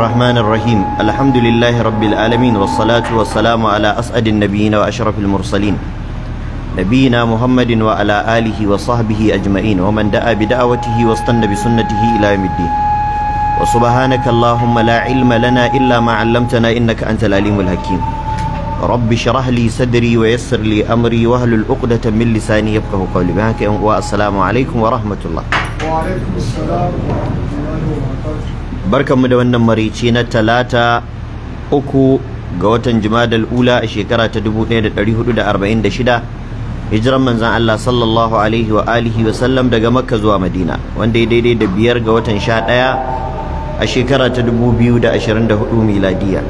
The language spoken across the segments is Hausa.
الرحمن الرحيم الحمد لله رب العالمين والصلاة والسلام على أسعد النبيين وأشرف المرسلين نبينا محمد وعلى آله وصحبه أجمعين ومن دعا بدعوته واستنى بسنته إلى يوم الدين وسبحانك اللهم لا علم لنا إلا ما علمتنا إنك أنت العليم الحكيم رب شرح لي صدري ويسر لي أمري وهل العقدة من لساني يفقه قولي بهاك والسلام عليكم ورحمة الله وعليكم السلام ورحمة الله barkanmu da wannan marici na talata uku ga watan jimadal ula a shekara ta 1446 hijiran manzan Allah sallallahu alaihi wa alihi wa sallam daga makka zuwa madina wanda ya daidai da biyar ga watan sha ɗaya a shekara ta 2024 miladiya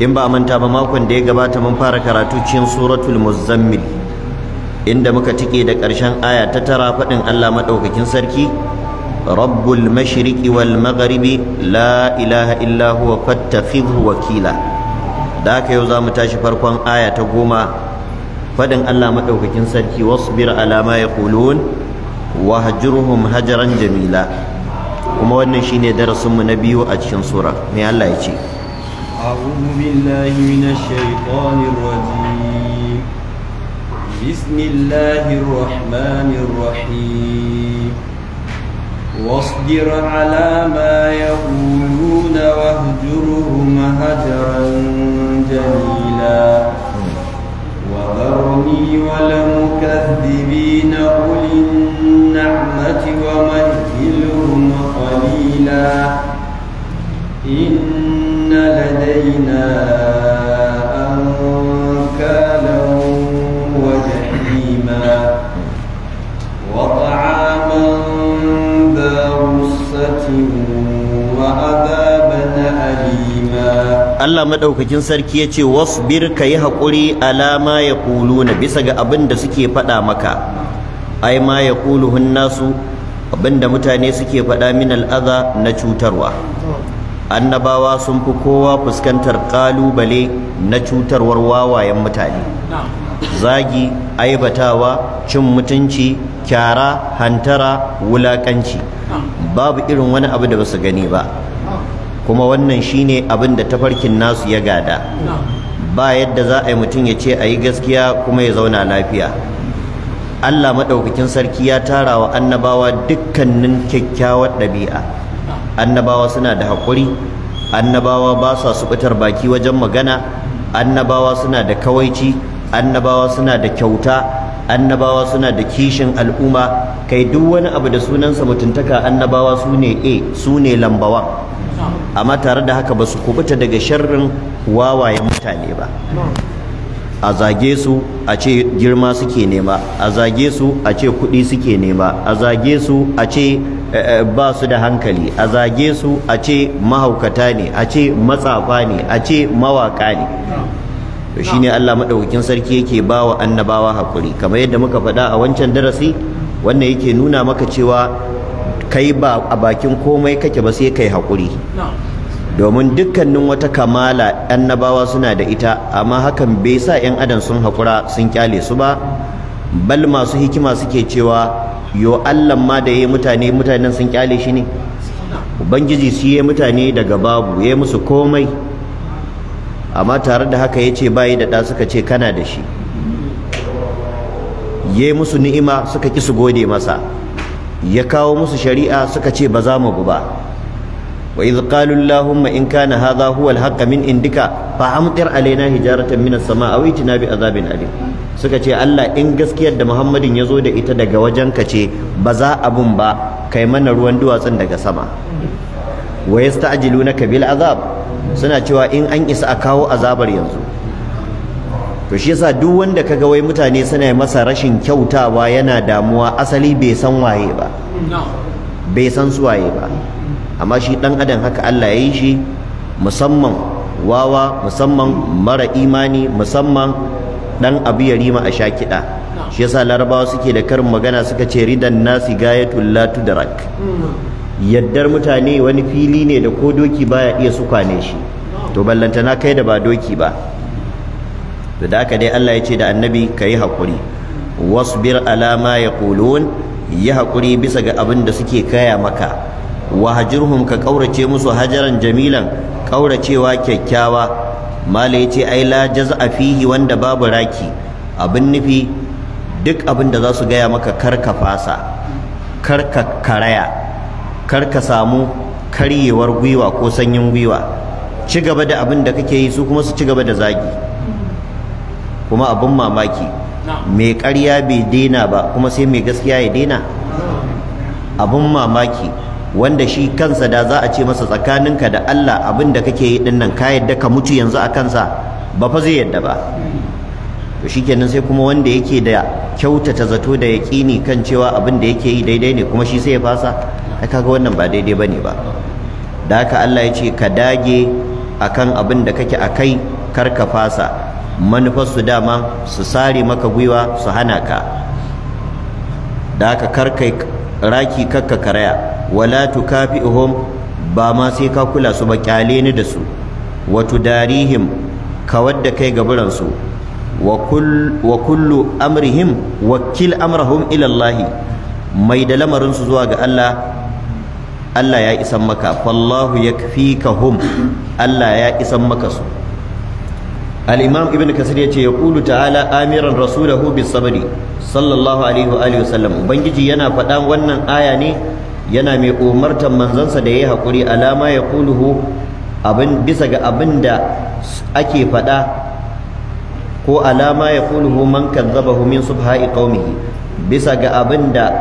in ba a manta ba makon da ya gabata mun fara karatu cikin suratul muzammil inda muka tike da ƙarshen aya ta tara faɗin Allah maɗaukakin sarki رب المشرق والمغرب لا إله إلا هو فاتخذه وكيلا ذاك يوزام تاشفر قوان آية تقوما فدن الله مدعوك كنسانك واصبر على ما يقولون وهجرهم هجرا جميلا وما ونشين درس من نبيه أجشن سورة من الله يجي أعوذ بالله من الشيطان الرجيم بسم الله الرحمن الرحيم واصبر على ما يقولون واهجرهم هجرا جميلا وذرني والمكذبين اولي النعمه ومهلهم قليلا ان لدينا انكالا وجحيما وطعاما Allah maɗaukakin sarki ya ce wasbir birka yi haƙuri alama ya na bisa ga abin da suke faɗa maka ai ma ya kuluhun nasu abin da mutane suke faɗa min al'aza na cutarwa annabawa sun fi kowa fuskantar ƙalubale na cutarwar wawayen mutane zagi aibatawa cin mutunci kyara hantara wulaƙanci babu irin wani abu da ba su gani ba kuma wannan shine abin da tafarkin nasu ya gada ba yadda za a yi mutum ya ce a yi gaskiya kuma ya zauna lafiya Allah maɗaukakin sarki ya tara wa annabawa dukkanin kyakkyawar ɗabi'a annabawa suna da haƙuri annabawa ba sa suɓutar baki wajen magana annabawa suna da kawaici annabawa suna da kyauta annabawa suna da kishin al'umma kai duk wani abu da sunansa mutuntaka annabawa sune ne a su ne amma tare da haka ba su kubuta daga sharrin wawayen mutane ba a zage su a ce girma suke nema a zage su a ce kuɗi suke nema a zage su a ce eh, eh, ba su da hankali a zage su a ce mahaukata ne a ce matsafa ne a ce mawaka ne to shine Allah madaukakin sarki yake bawa annabawa hakuri kamar yadda muka faɗa a wancan darasi wannan yake nuna maka cewa kai ba a bakin komai kake ba sai kai hakuri domin dukkanin wata kamala annabawa suna da ita amma hakan bai sa yan adam sun hakura sun kyale su ba bal masu hikima suke cewa yo Allah ma da yayi mutane mutanen sun kyale shi ne ubangiji shi yayi mutane daga babu yayi musu komai amma tare da haka ya yace bayi da ɗa suka ce kana da shi ya musu ni'ima suka ki su gode masa ya kawo musu shari'a suka ce ba za mu ba wa idh qalu allahumma in kana hadha huwa alhaqqa min indika fa amtir alaina hijaratan minas samaa aw itina bi azabin alim suka ce Allah in gaskiyar da Muhammadin ya zo da ita daga wajenka ce ba za abun ba kai mana ruwan duwatsun daga sama wa na bil azab suna cewa in an isa a kawo azabar yanzu to shi yasa duk wanda kaga wai mutane suna masa rashin kyautawa yana damuwa asali bai san waye ba bai san su waye ba amma shi dan adam haka Allah ya yi shi musamman wawa musamman mara imani musamman dan abu ya rima a sha kiɗa shi yasa larabawa suke da karin magana suka ce ridan nasi gayatul la tudrak mm. yaddar mutane wani fili ne da ko doki baya iya sukwane shi to ballantana kai da ba doki ba to da haka dai Allah ya ce da annabi ka kai hakuri wasbir ala ma yaqulun yi hakuri bisa ga abin da suke kaya maka wahajirhum ka ƙaurace musu hajaran jamilan ƙauracewa kyakkyawa mala yace ai la jaz'a fihi wanda babu raki abin nufi duk abin da za su gaya maka karka fasa karka karaya kar ka samu karyewar gwiwa ko sanyin gwiwa ci gaba da abin da kake yi su kuma su ci gaba da zagi kuma abin mamaki mai karya bai daina ba kuma sai mai gaskiya ya daina abin mamaki wanda shi kansa da za a ce masa tsakaninka da Allah abin da kake yi dinnan ka yadda ka mutu yanzu a kansa ba fa zai yadda ba to shikenan sai kuma wanda yake da kyautata zato da yaƙini kan cewa abin da yake yi daidai ne kuma shi sai ya fasa ai kaga wannan ba daidai bane ba da haka Allah ya ce ka dage akan abin da kake akai kar ka fasa manufar su dama su sare maka gwiwa su hana ka da haka kar kai raki kakka karaya wala tukafi'uhum ba ma sai ka kula su ba kyale ni da su wato darihim kawar da kai gaburan su wa kullu amrihim wakil amrahum ilallahi mai da lamarinsu zuwa ga Allah Allah ya isan maka fallahu yakfikahum Allah ya isan maka su al-imam ibn kasir yace yaqulu ta'ala amiran rasulahu bis sabri sallallahu alaihi wa alihi wasallam ubangiji yana faɗa wannan aya ne yana mai umartar manzansa da yayi hakuri alama yaquluhu abin bisa ga abin da ake faɗa ko alama ya kuluhu man kazzabahu min subha'i qaumihi bisa ga abin da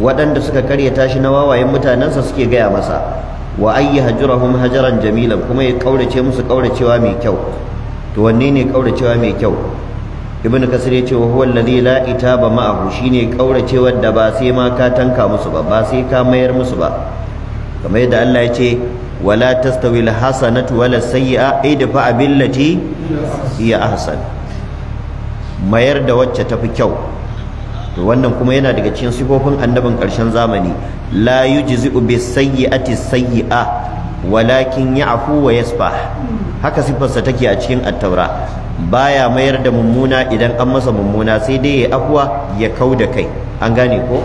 waɗanda suka karya tashi na wawayen mutanensa suke gaya masa wa ayyi hajurahum hajaran jamilan kuma ya kaurace musu kauracewa mai kyau to wanne ne kauracewa mai kyau ibnu kasir ya wa huwa alladhi la itaba ma'ahu shine kauracewar da ba sai ma ka tanka musu ba ba sai ka mayar musu ba kamar yadda Allah ya ce, wala tastawil alhasanatu wala sayyi'a idfa billati hiya ahsan mayar da wacce tafi kyau to wannan kuma yana daga cikin sifofin annabin ƙarshen zamani la yujzi'u bis sayyi'ati sayyi'a walakin ya'fu wa yasfah haka sifarsa take a cikin at-taura baya mayar da mummuna idan an masa mummuna sai dai ya afwa ya kauda kai an gane ko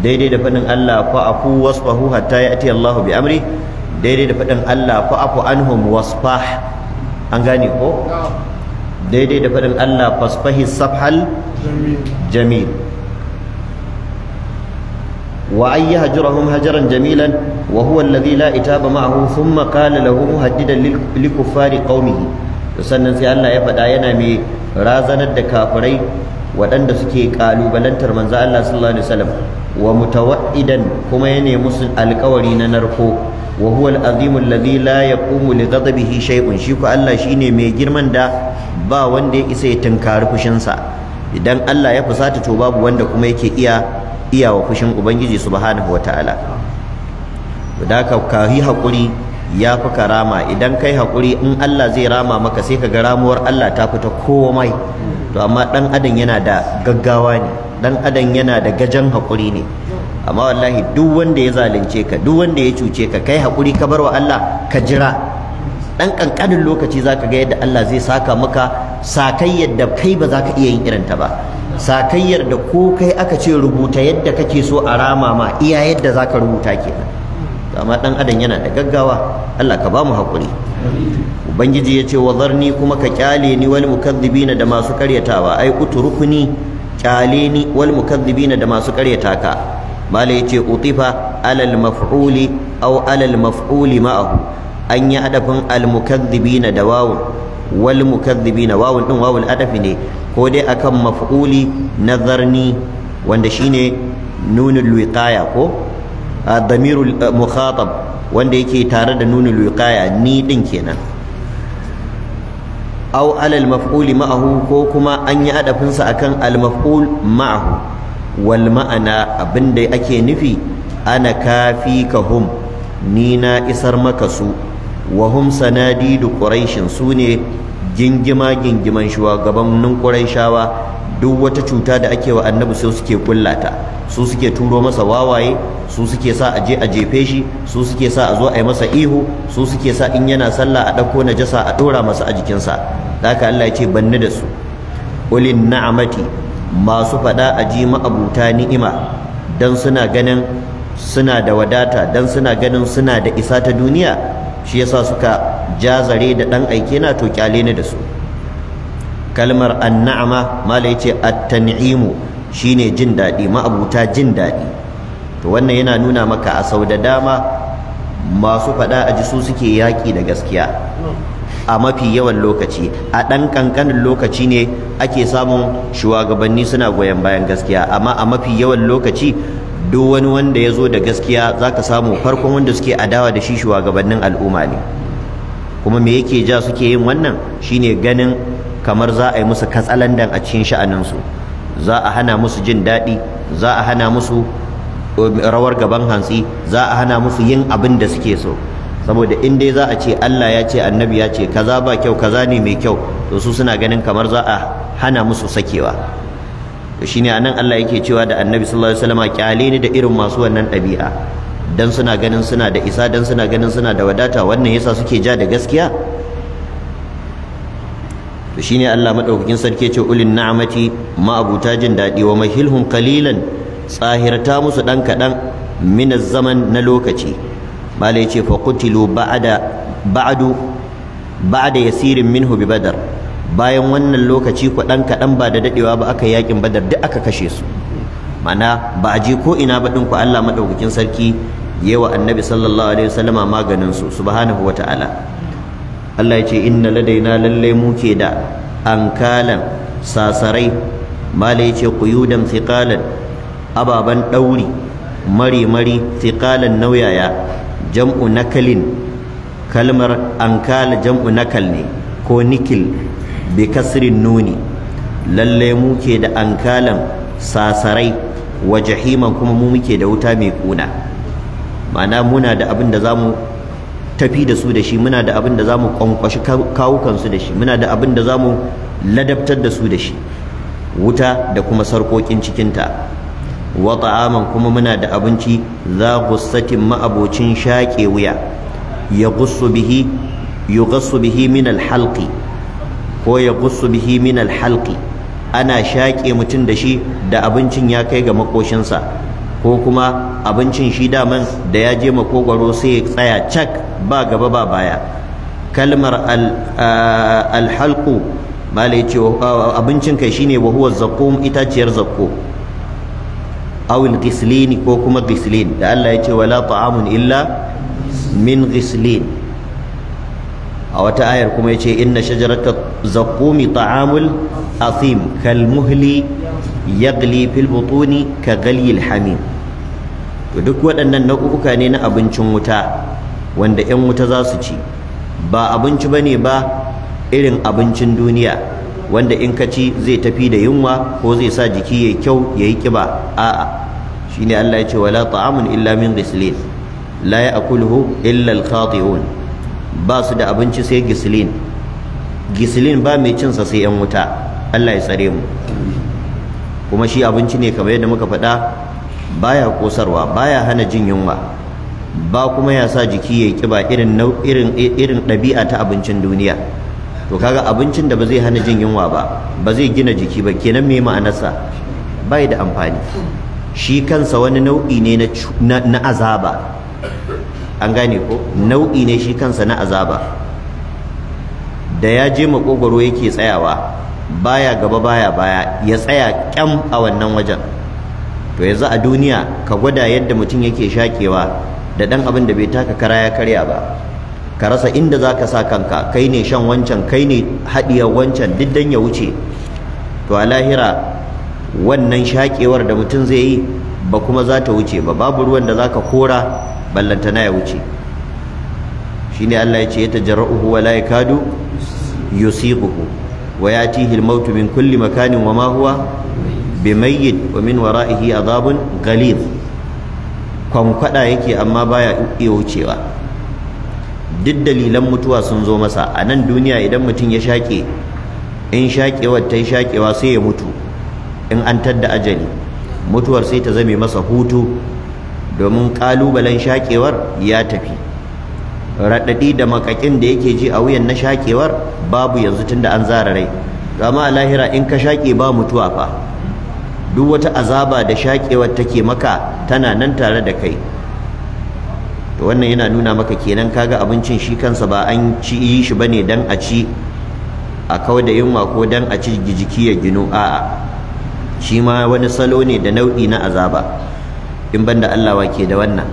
daidai da fadin Allah fa afu wasfahu hatta ya'ti Allahu bi amri daidai da fadin Allah fa afu anhum wasfah an gane ko daidai da faɗin Allah fasfahi safhal jamil wa an yahjurahum hajaran jamilan wa huwa alladhi la itaba ma'ahu thumma qala lahu muhaddidan li kuffari qaumihi sannan sai Allah ya faɗa yana mai razanar da kafirai waɗanda suke kalubalantar manzo Allah sallallahu alaihi wasallam wa mutawaidan kuma ya nemi su alƙawari na narko wa huwa al-azim alladhi la yaqumu li ghadabihi shay'un shi ko Allah shine mai girman da ba wanda ya isa ya tunkari fushinsa idan Allah ya fusata to babu wanda kuma yake iya iya wa fushin ubangiji subhanahu wataala da ka kahi hakuri ya fi karama idan kai hakuri in Allah zai rama maka sai ka ga ramuwar Allah ta fita komai to amma dan adam yana da gaggawa ne dan adam yana da gajan hakuri ne amma wallahi duk wanda ya zalunce ka duk wanda ya cuce ka kai hakuri ka bar wa Allah ka jira dan kankanin lokaci zaka ga yadda Allah zai saka maka sakayyar da kai ba za ka iya yin irin ba sakayyar da ko kai aka ce rubuta yadda kake so a rama ma iya yadda zaka rubuta kenan amma dan adam yana da gaggawa Allah ka ba mu hakuri ubangiji ya ce wazarni kuma ka kyale ni wal mukazzibina da masu karyatawa ai utrukuni kyale ni wal mukazzibina da masu karyataka ka malai ya ce utifa alal maf'uli aw alal maf'uli ma'ahu an yi adafin na da wawun wal mukazzibina wawun din wawul adafi ne ko dai akan maf'uli nazarni wanda shine nunul wiqaya ko damirul mukhatab wanda yake tare da nunul wiqaya ni din kenan aw alal maf'uli ma'ahu ko kuma an yi adafin sa akan al maf'ul ma'ahu wal ma'ana abinda ake nufi ana kafi kahum ni na isar maka su wa hum ƙurashin su sune gingima gingiman shugabannin ƙurashawa, duk wata cuta da ake wa annabi sai suke kullata su suke turo masa wawaye su suke sa a je a jefe shi su suke sa a zo a yi masa ihu su suke sa in yana sallah a na najasa a dora masa a jikinsa ka Allah ya ce banni da su ulin na'amati masu faɗa a ji ma'abuta ni'ima don suna ganin suna da wadata dan suna ganin suna da isa ta duniya shi yasa suka jazare da dan aike na to kyale ni da su kalmar anna'ama mala yace at-tan'imu shine jin dadi abuta jin dadi to wannan yana nuna maka a sau dama masu fada a su suke yaki da gaskiya a mafi yawan lokaci a dan kankanin lokaci ne ake samun shugabanni suna goyon bayan gaskiya amma a mafi yawan lokaci duk wani wanda ya zo da gaskiya za ka samu farkon wanda suke adawa da shi shugabannin al'umma ne kuma me yake ja suke yin wannan shine ganin kamar za a yi musu katsalandan a cikin sha'aninsu za a hana musu jin daɗi za a hana musu um, rawar gaban hantsi za a hana musu yin abin da suke so saboda in dai za a ce Allah ya ce annabi ya ce kaza ba kyau kaza ne mai kyau to su suna ganin kamar za a hana musu sakewa to shine anan Allah yake cewa da Annabi sallallahu alaihi wasallam kyale ni da irin masu wannan ɗabi'a dan suna ganin suna da isa dan suna ganin suna da wadata wannan yasa suke ja da gaskiya to shine Allah madaukakin sarki yace ulin na'mati ma'abuta jin dadi wa mahilhum qalilan tsahirta musu dan kadan min zaman na lokaci bala yace fa qutilu ba'da ba'du ba'da yasirin minhu bi badar bayan wannan lokaci kwaɗan kaɗan ba da daɗewa ba aka yakin badar duk aka kashe su mana ba a je ko ina ba ɗin ku Allah maɗaukakin sarki yawa annabi sallallahu alaihi wasallama maganin su subhanahu wataala Allah ya ce inna ladaina lalle mu ke da ankalan sasarai mala yi quyudan thiqalan ababan ɗauri mari mari thiqalan nauyaya jam'u nakalin kalmar ankala jam'u nakal ne ko nikil bikasirin nuni lalle mu ke da ankalan sasarai wa jahiman kuma mu muke da wuta mai kuna ma'ana muna da abin da zamu tafi da su da shi muna da abin da zamu kwankwashi kawukan su da shi muna da abin da zamu ladabtar da su da shi wuta da kuma sarkokin cikinta wa ta'aman kuma muna da abinci za gussatin ma'abocin shaƙe wuya ya gussu bihi yughassu bihi min alhalqi ko ya gusu bihi min alhalqi ana shaƙe mutum da shi da abincin ya kai ga makoshinsa ko kuma abincin shi daman da ya je makogwaro sai ya tsaya cak ba gaba ba baya kalmar alhalqu malai ce abincin kai shine wa huwa itaciyar zakko awil gislini ko kuma gislin da Allah ya ce wala ta'amun illa min gislin a wata ayar kuma ce inna shajarata zaqqumi ta'amul athim kal muhli yaghli fil ka ghalyi al duk waɗannan nau'uka ne na abincin wuta wanda 'yan wuta za su ci ba abinci ne ba irin abincin duniya wanda in ka ci zai tafi da yunwa ko zai sa jiki yayi kyau yayi kiba a'a shine Allah ya ce wala ta'amun illa min ghislin la ya'kuluhu illa al-khati'un ba su da abinci sai gisilin gisilin ba mai cinsa sai yan wuta Allah ya tsare mu kuma shi abinci ne kamar yadda muka faɗa baya kosarwa baya hana jin yunwa ba kuma ya sa jiki ya kiba irin ɗabi'a ta abincin duniya to kaga abincin da ba zai hana jin yunwa ba ba zai gina jiki ba kenan me ma'anarsa bai da amfani shi kansa wani nau'i ne na azaba an gane ko nau'i ne shi kansa na azaba da ya je makogwaro yake tsayawa baya gaba baya baya ya tsaya kyam a wannan wajen to yanzu a duniya ka gwada yadda mutum yake shakewa da dan abin da bai taka kara ya karya ba ka rasa inda zaka sa kanka kai ne shan wancan kai ne hadiyar wancan diddan ya wuce to a lahira wannan shakewar da mutum zai yi ba kuma za ta wuce ba babu ruwan da za ka kora ballantana ya wuce shine Allah ya ce ya tajarra'uhu wa la yakadu yusiquhu wa yatihi al-maut min kulli makanin wa ma huwa bimayyit wa min wara'ihi adhabun ghalidh kwankwada yake amma baya iya wucewa duk dalilan mutuwa sun zo masa a nan duniya idan mutum ya shaƙe in shaƙewar ta yi shaƙewa sai ya mutu in an tadda ajali mutuwar sai ta zame masa hutu domin ƙalubalen shaƙewar ya tafi raɗaɗi da makakin da yake ji a wuyan na shaƙewar babu yanzu tunda an zara rai gama a lahira in ka shake ba mutuwa fa duk wata azaba da shaƙewar take maka tana nan tare da kai to wannan yana nuna maka kenan kaga abincin shi kansa ba an ci yi shi bane dan a ci a kawai da yunwa ko dan a ci jiki ya ginu a'a shi ma wani salo ne da nau'i na azaba in banda Allah wake da wannan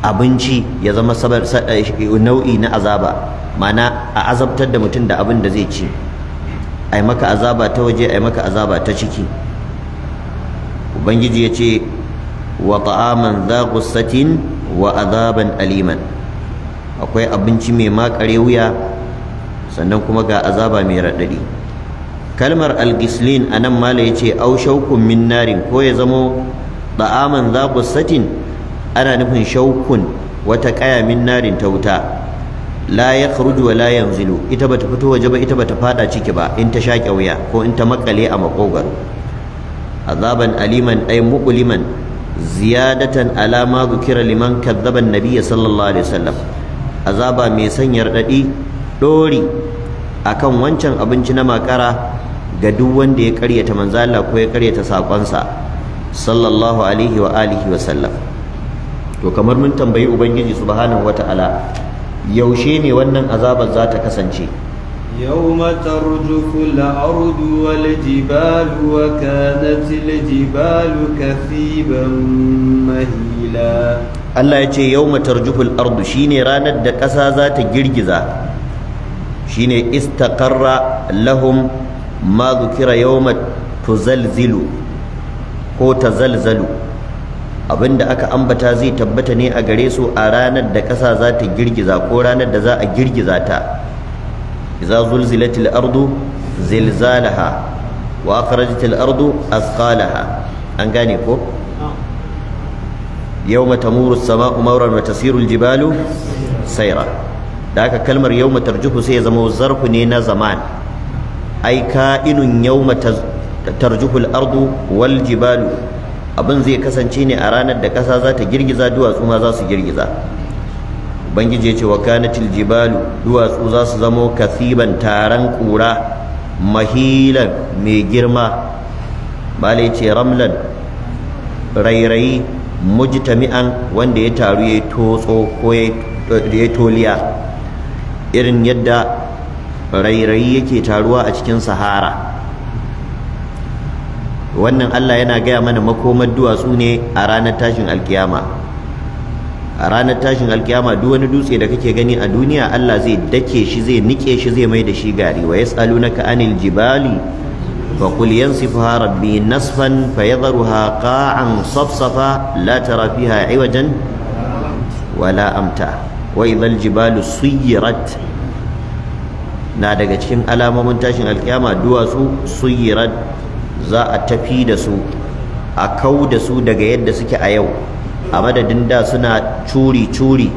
abinci ya zama eh, nau'i na azaba mana a azabtar da mutum da abin da zai ci ai maka azaba ta waje ai maka azaba ta ciki ubangiji ya ce wa ta'aman dha wa azaban aliman akwai abinci mai makare wuya sannan kuma ga azaba mai raɗaɗi kalmar algislin a nan mala ya ce au shaukun min narin ko ya zamo da'aman za satin ana nufin shaukun wata kaya min narin ta wuta la ya kharuju wa la yanzilu ita bata fito waje ba ita bata fada ciki ba in ta shaƙe wuya ko in ta makale a makogaro azaban aliman ay muqliman ziyadatan ala ma dhukira liman kadzaba an-nabiy sallallahu alaihi wasallam azaba mai sanyar dadi dori akan wancan abinci na makara ga duk wanda ya karyata manzo Allah ko ya karyata sakonsa sallallahu alaihi wa alihi wa sallam to kamar mun tambayi ubangiji subhanahu wataala yaushe ne wannan azabar za ta kasance يوم ترجف الأرض والجبال وكانت الجبال كثيبا مهيلا الله يجي يوم ترجف الأرض شيني راند دكسا ذات جرجزا شيني استقر لهم ma zukira yawma tuzalzilu ko tazalzalu abinda aka ambata zai tabbata ne a gare su a ranar da ƙasa za ta girgiza ko ranar da za a girgiza ta idza zulzilatil ardu zilzalaha wa akhrajatil ardu asqalaha an gane ko yawma tamuru as-sama'u mawran wa tasiru al-jibalu sayra da aka kalmar yawma tarjuhu sai ya zama zarfu ne na zaman ai ka'inun yawma tarjuhul ardu wal jibalu abin zai kasance ne a ranar da ƙasa za ta girgiza duwatsu ma za su girgiza ubangiji ya ce wa kanatil jibalu duwatsu za su zamo kasiban taron kura mahilan mai girma balai ce ramlan rairayi mujtami'an wanda ya taru ya toso ko ya toliya irin yadda rairayi yake taruwa a cikin sahara wannan Allah yana gaya mana makomar duwatsu ne a ranar tashin alkiyama a ranar tashin alkiyama duk wani dutse da kake gani a duniya Allah zai dake shi zai nike shi zai mai da shi gari wa yasalunaka anil jibali fa qul rabbi nasfan fayadharuha qa'an safsafa la tara fiha iwajan wala amta wa idhal jibalu suyirat na daga cikin alamomin tashin alkiyama duwatsu suyirat za a tafi da su a kau da su daga yadda suke a yau a madadin da suna curi curi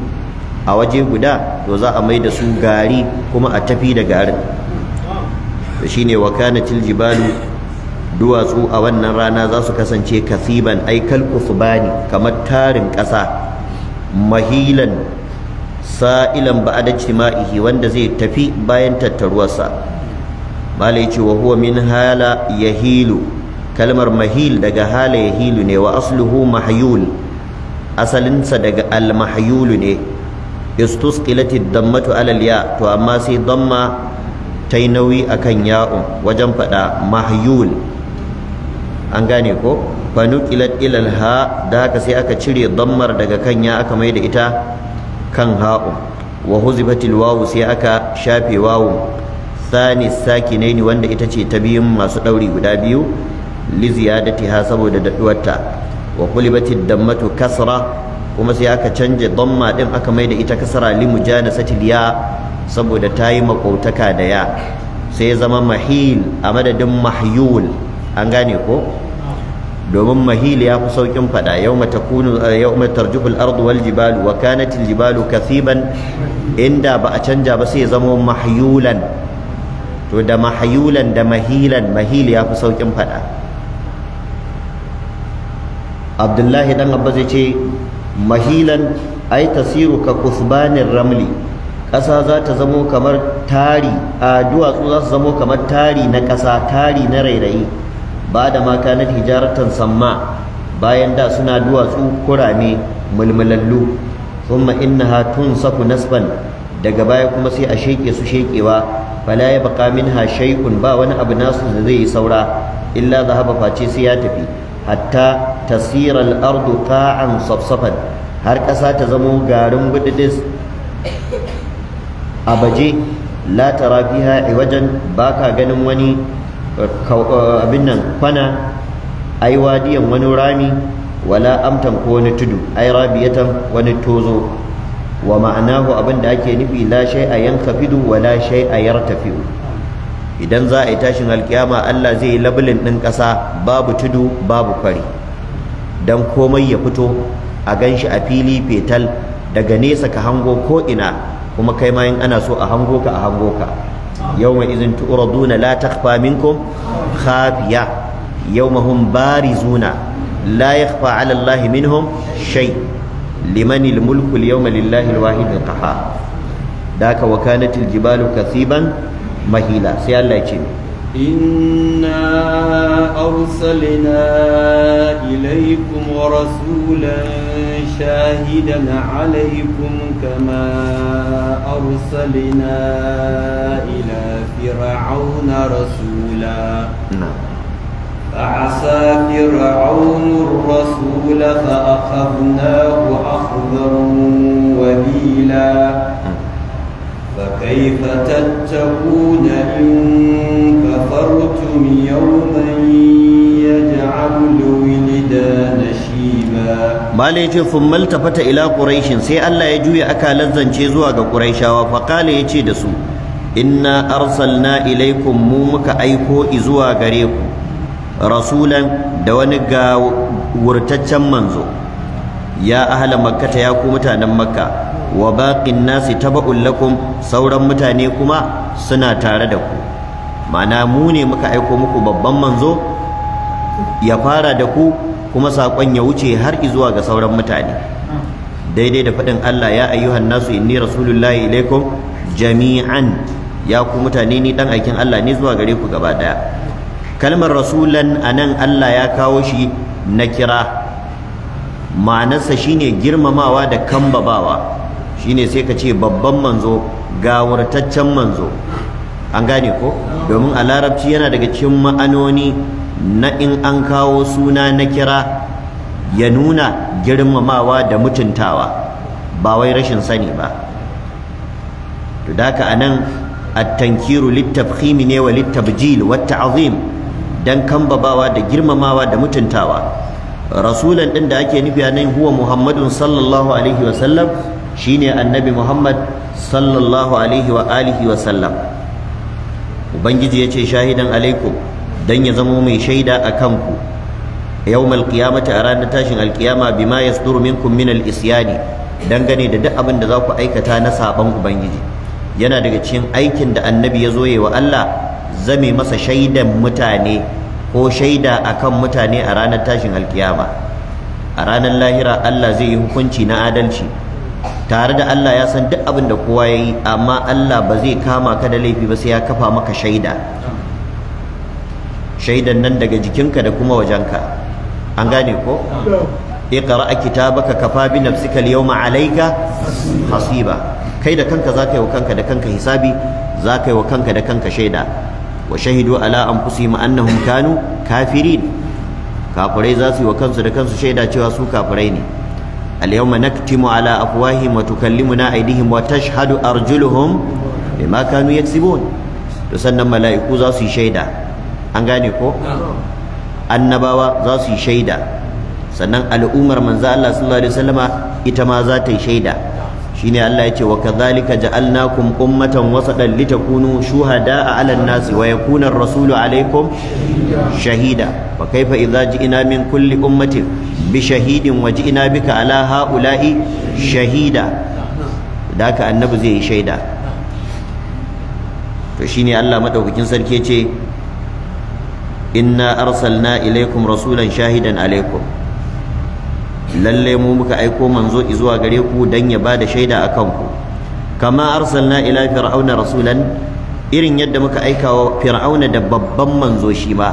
a waje guda to za a mai da su gari kuma a tafi da garin shi shine wa kanatil jibalu duwatsu a wannan rana za su kasance kasiban aikar kusubani kamar tarin ƙasa mahilan sa'ilan ba'da ijtima'ihi wanda zai tafi bayan tattaruwarsa malai yace wa huwa min hala yahilu kalmar mahil daga hala yahilu ne wa asluhu mahyul asalinsa daga al mahyulu ne istusqilatid dammatu alal ya to amma sai damma ta yi nauyi a kan ya'un wajen fada mahyul an gane ko fanukilat ilal ha da haka sai aka cire dammar daga kan ya aka mai da ita kan hau. wa huzibatil wawu sai aka shafe wawu. sani sakinaini wanda ita ce ta biyun masu ɗauri guda biyu li ziyadatiha saboda daɗuwarta wa qulibatid dammatu kasra kuma sai aka canje damma din aka mai da ita kasra li mujanasatil ya saboda tayi makautaka da ya sai zama mahil a madadin mahyul an gane ko domin mahil ya fi saukin fada yawma takunu eh, yawma ardu wal jibalu wa kanat al-jibalu kathiban inda ba a canja ba sai ya zama mahyulan to da mahyulan da mahilan mahil ya fi saukin fada Abdullahi dan Abba zai ce mahilan ai tasiru ka kusbanin ramli ƙasa za ta zamo kamar tari a duwatsu za su zamo kamar tari na ƙasa tari na rairayi ba da na kanat hijaratan samma bayan da suna duwatsu kurame mulmulallu thumma hatun safu nasban daga baya kuma sai a sheke su shekewa fala ya baka minha shay'un ba wani abu nasu da zai yi saura illa zahaba face sai ya tafi hatta tasirar al-ardu qa'an safsafan har ƙasa ta zamo garin bididis a baje la tara fiha iwajan baka ganin wani Eh, abin nan kwana ai wadiyan wani rami wala amtan ko wani tudu ai rabiyatan wani tozo wa ma'ana ma'anahu abin da ake nufi la yanka yankafidu wa la shay'a yartafi'u idan za a yi tashin alkiyama Allah zai yi labulin ɗin ƙasa babu tudu babu kwari dan komai ya fito a ganshi a fili fetal daga nesa ka hango ko ina kuma kai ma in ana so a hango ka a hango ka yawma idhin tu'raduna la takhfa minkum khafiya yawma hum barizuna لا يخفى على الله منهم شيء لمن الملك اليوم لله الواحد القهار ذاك وكانت الجبال كثيبا مهيلا سي الله يجي إنا أرسلنا إليكم ورسولا شاهدا عليكم كما أرسلنا إلى فرعون رسولا نعم. فعسى فرعون الرسول فأخذناه أخذا وبيلا فكيف تتقون إن كفرتم يوما يجعل الولدان شيبا ما ليتي ثم التفت إلى قريش سي ألا يجوي أكا لزن شيزوا قريشا فقال يتي دسو إنا أرسلنا إليكم مومك أيكو إزوا غريكو رسولا دوانقا ورتتشم منزو يا أهل مكة يا ku mutanen wa baƙin nasi taba'un lakum sauran mutane kuma suna tare da ku ma'ana mu ne muka aiko muku babban manzo ya fara da ku kuma sakon ya wuce har zuwa ga sauran mutane daidai da faɗin Allah ya ayyuhan nasu inni rasulullahi ilaikum jami'an ya ku mutane ni dan aikin Allah ne zuwa gare ku gaba daya kalmar rasulan anan Allah ya kawo shi na kira ma'anarsa shine girmamawa da kambabawa shine sai ka ce babban manzo gawurtaccen manzo an gane ko domin a larabci yana daga cikin ma'anoni na in an kawo suna na kira ya nuna girmamawa da mutuntawa ba wai rashin sani ba to daka anan at-tankiru lit-tafkhim ne wa lit-tabjil wa ta'zim dan kambabawa da girmamawa da mutuntawa rasulan din da ake nufi anan huwa muhammadun sallallahu alaihi wasallam shine annabi Muhammad sallallahu alaihi wa alihi wa sallam ubangiji yace shahidan alaikum dan ya zama mai shaida a kanku yawmal qiyamati a ranar tashin alkiyama bima yasduru minkum min al-isyani dangane da duk abin da za ku aikata na sabon ubangiji yana daga cikin aikin da annabi ya zo yi wa Allah zame masa shaidan mutane ko shaida akan mutane a ranar tashin alkiyama a ranar lahira Allah zai yi hukunci na adalci tare da Allah ya san duk abin da kowa ya yi amma Allah ba zai kama ka da laifi ba sai ya kafa maka shaida shaidan nan daga jikinka da kuma wajenka an gane ko iqra kitabaka kafa bi nafsika al-yawma alayka hasiba kai da kanka zaka yi wa kanka da kanka hisabi zaka yi wa kanka da kanka shaida wa shahidu ala anfusihim annahum kanu kafirin kafirai za su yi wa kansu da kansu shaida cewa su kafirai ne al-yawma naktimu ala afwahihim wa tukallimuna aydihim wa tashhadu arjuluhum bima kanu yaksibun to sannan mala'iku za su yi shaida an gane ko annabawa za su yi shaida sannan al'ummar manza Allah sallallahu ita ma za ta yi shaida shine Allah yace wa kadhalika ja'alnakum ummatan wasatan litakunu shuhada'a 'alan nasi wa yakuna ar-rasulu 'alaykum shahida wa kayfa idza ji'na min kulli ummatin bi shahidin wa ji'na bika 'ala ha'ula'i shahida daka annabi zai yi shaida to shine Allah madaukakin sarki yace inna arsalna ilaykum rasulan shahidan alaykum lalle mu muka aiko manzo zuwa gare ku dan ya bada shaida akan ku kama arsalna ila fir'auna rasulan irin yadda muka aika wa fir'auna da babban manzo shi ma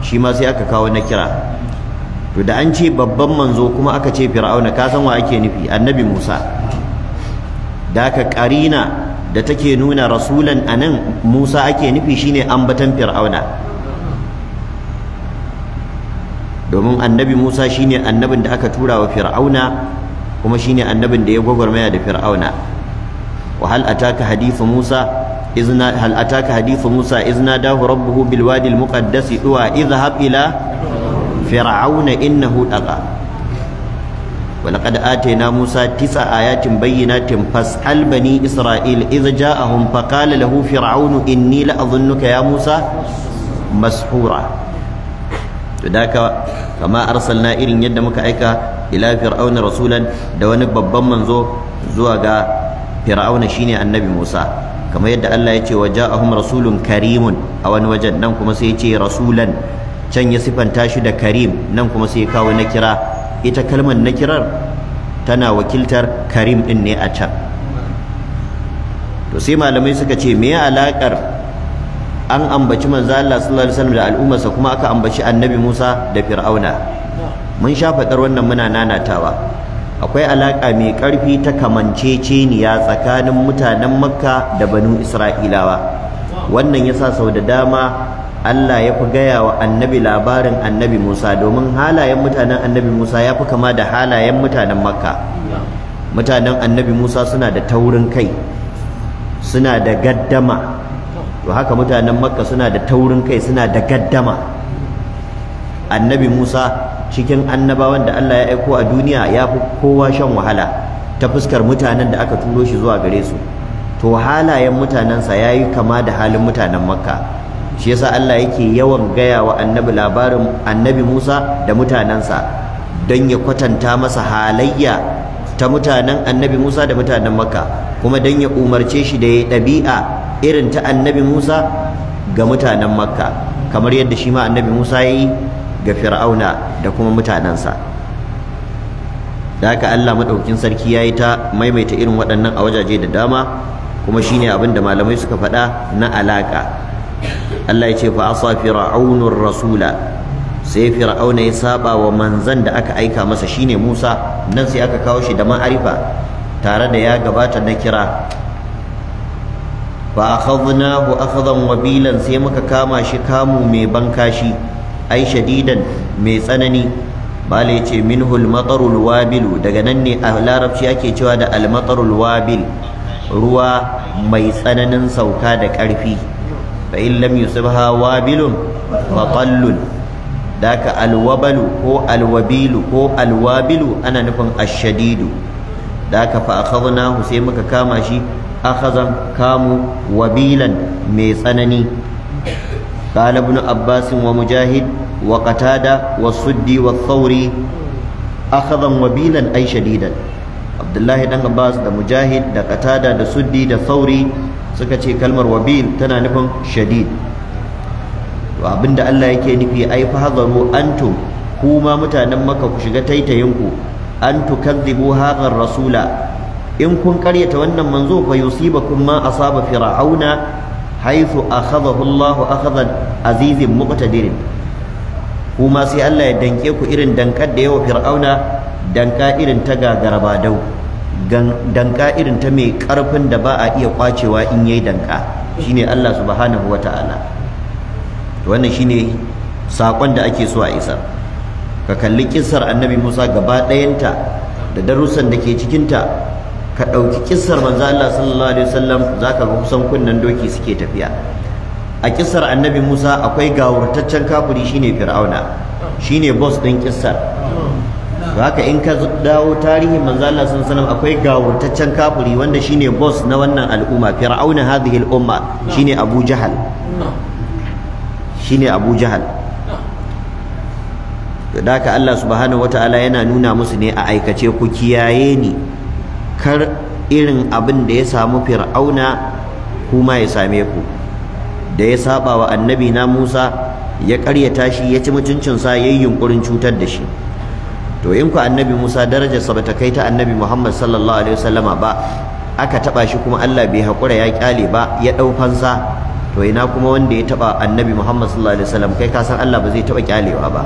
shi ma sai aka kawo na kira to da an ce babban manzo kuma aka ce fir'auna ka san wa ake nufi annabi Musa da aka karina da take nuna rasulan anan Musa ake nufi shine ambatan fir'auna domin annabi Musa shine annabin da aka tura wa Fir'auna kuma shine annabin da ya gwagwarmaya da Fir'auna wa hal ataka hadithu Musa izna hal ataka hadithu Musa izna dahu rabbuhu bil wadi al muqaddas wa idhhab ila fir'auna innahu taqa wa laqad atayna Musa tis'a ayatin bayyinatin fas'al bani Isra'il idh ja'ahum faqala lahu fir'aunu inni la adhunnuka ya Musa mashura to kama arsalna irin yadda muka aika ila fir'auna rasulan da wani babban manzo zuwa ga fir'auna shine annabi Musa kamar yadda Allah ya ce wa ja'ahum rasulun karimun a wani wajen nan kuma sai ya ce rasulan can ya sifanta shi da karim nan kuma sai ya kawo na kira ita kalmar na kirar tana wakiltar karim din ne a can to sai malamai suka ce me ya alakar an ambaci manzo Allah sallallahu alaihi wasallam da al'ummarsa kuma aka ambaci annabi Musa da Fir'auna mun sha wannan muna nanatawa akwai alaka mai karfi ta kamanceceniya tsakanin mutanen Makka da Banu Isra'ilawa wannan yasa sau da dama Allah ya fi gaya wa annabi labarin annabi Musa domin halayen mutanen annabi Musa ya fi kama da halayen mutanen Makka mutanen annabi Musa suna da taurin kai suna da gaddama to haka mutanen makka suna da taurin kai suna da gaddama annabi musa cikin annabawan da allah ya aiko a duniya ya fi kowa shan wahala ta fuskar mutanen da aka turo shi zuwa gare su to halayen mutanensa ya yi kama da halin mutanen makka shi yasa allah yake yawan gaya wa annabi labarin annabi musa da mutanensa don ya kwatanta masa halayya ta mutanen annabi Musa da mutanen Makka kuma dan ya umarce shi da ya ɗabi'a irin ta annabi Musa ga mutanen Makka kamar yadda shi ma annabi Musa ya yi ga Fir'auna da kuma mutanensa da haka Allah madaukin sarki yayi ta maimaita irin waɗannan a wajaje da dama kuma shine abin da malamai suka faɗa na alaka Allah ya ce fa asa fir'aunur rasula sai fir'auna ya saba wa manzon da aka aika masa shine Musa nan sai aka kawo shi da ma'arifa tare da ya gabata na kira fa akhadnahu akhadan wabilan sai muka kama shi kamu mai bankashi ai shadidan mai tsanani bala yace minhu matarul wabil daga nan ne a larabci ake cewa da al-matarul wabil ruwa mai tsananin sauka da ƙarfi fa in lam yusibha wabilun fa qallun da ka alwabalu ko alwabilu ko alwabilu ana nufin ashadidu da ka fa akhadnahu sai muka kama shi akhazan kamu wabilan mai tsanani qala ibn abbas wa mujahid wa qatada wa suddi wa thawri akhazan wabilan ay shadidan abdullahi dan abbas da mujahid da qatada da suddi da thawri suka ce kalmar wabil tana nufin shadid to abinda Allah yake nufi ai fa hadaru antum kuma mutanen makka ku shiga taitayinku, ku an tukadzibu hadha rasula in kun karyata wannan manzo fa yusibakum ma asaba fir'auna haythu akhadahu Allahu akhadan azizin muqtadirin kuma sai Allah ya danke ku irin dankar da yawa fir'auna danka irin ta gagaraba dau danka irin ta mai karfin da ba a iya kwacewa in yayi danka shine Allah subhanahu wataala wannan shine sakon da ake so a isa ka kalli kissar annabi Musa gaba ɗayanta da darussan da ke cikinta ka ɗauki kissar manzo Allah sallallahu alaihi wasallam zaka ga kusan kunnen doki suke tafiya a kissar annabi Musa akwai gawurtaccen kafuri shine Fir'auna shine boss din kissar haka in ka dawo tarihin manzo Allah sallallahu alaihi akwai gawurtaccen kafuri wanda shine boss na wannan al'umma Fir'auna hadhihi al'umma shine Abu Jahal shine Abu Jahal da daka Allah subhanahu wataala yana nuna musu ne a aikace ku kiyaye ni kar irin abin da ya samu fir'auna kuma ya same ku da ya saba wa annabi na Musa ya karyata shi ya ci mutuncin sa yi yunkurin cutar da shi to in ku annabi Musa darajarsa bata kai ta annabi Muhammad sallallahu alaihi wasallama ba aka taba shi kuma Allah bai hakura ya kyale ba ya dau fansa to ina kuma wanda ya taba annabi Muhammad sallallahu alaihi wasallam kai ka san Allah ba zai taba kyalewa ba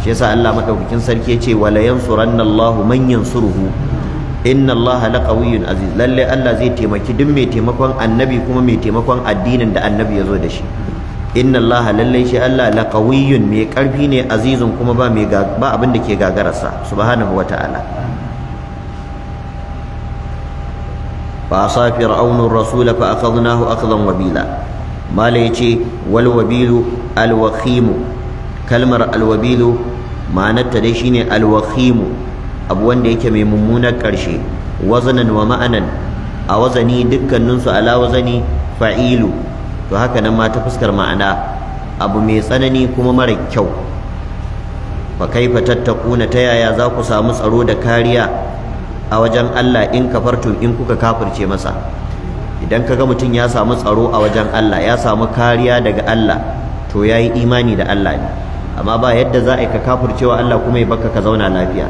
shi yasa Allah madaukakin sarki yace wala yansuranna Allahu man yansuruhu inna Allah laqawiyyun aziz lalle Allah zai taimaki duk mai taimakon annabi kuma mai taimakon addinin da annabi yazo da shi inna allaha lallai shi Allah laqawiyyun mai karfi ne azizun kuma ba mai ba abin da ke gagararsa subhanahu wataala fa asa fir'aunu ar-rasula fa wabila mala yace wal wabilu al wakhimu kalmar alwabilu, wabilu ma'anarta dai shine al wakhimu abu wanda yake mai mummunar karshe wazanan wa ma'anan a wazani dukkanin ala wazani fa'ilu to haka nan ma ta fuskar ma'ana abu mai tsanani kuma mara kyau fa kaifa tattakuna ta yaya za ku samu tsaro da kariya a wajen Allah in kafartum in kuka kafirce masa idan kaga mutum ya samu tsaro a wajen Allah ya samu kariya daga Allah to yayi imani da Allah ne amma ba yadda za a ka kafircewa Allah kuma ya baka ka zauna lafiya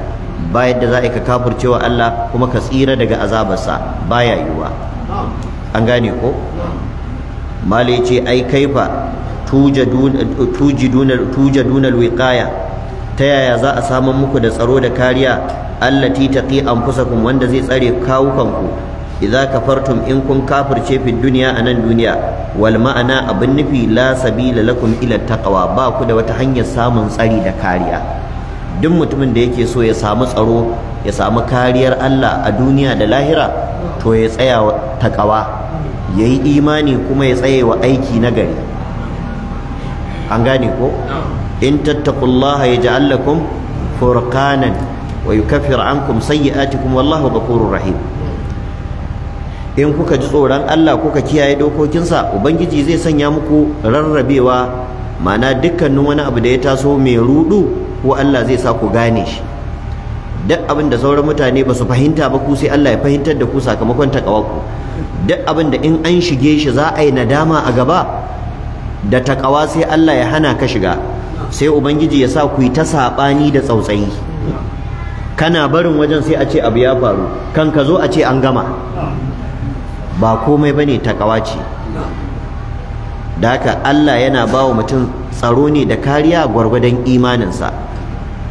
ba yadda za a ka kafircewa Allah kuma ka tsira daga azabarsa baya yiwa an gane ko mali ce ai kaifa tujiduna alwiqaya ta yaya za a samu muku da tsaro da kariya allati taqi anfusakum wanda zai tsare kawukanku idza kafartum in kun kafirce fi duniya anan duniya walma'ana ma'ana abin nufi la sabila lakum ila taqwa ba ku da wata hanyar samun tsari da kariya duk mutumin da yake so ya samu tsaro ya samu kariyar Allah a duniya da lahira to ya tsaya taqwa yayi imani kuma ya tsaye wa aiki na gari an gane ko in tattaqullaha yaj'al lakum furqanan wa yukaffir ankum sayyi'atikum wallahu ghafurur rahim in kuka ji tsoron Allah kuka kiyaye dokokinsa ubangiji zai sanya muku rarrabewa mana dukkanin wani abu da ya taso mai rudu ko Allah zai sa ku gane shi duk abin da sauran mutane ba su fahimta ba ku sai Allah ya fahimtar da ku sakamakon takawarku duk abin da in an shige shi za a yi nadama a gaba da takawa sai Allah ya hana ka shiga sai ubangiji ya sa ku yi ta sabani da tsautsayi kana barin wajen sai a ce abu ya faru kan ka zo a ce an gama ba komai bane takawa ce da haka Allah yana ba mutum tsaro ne da kariya gwargwadon imaninsa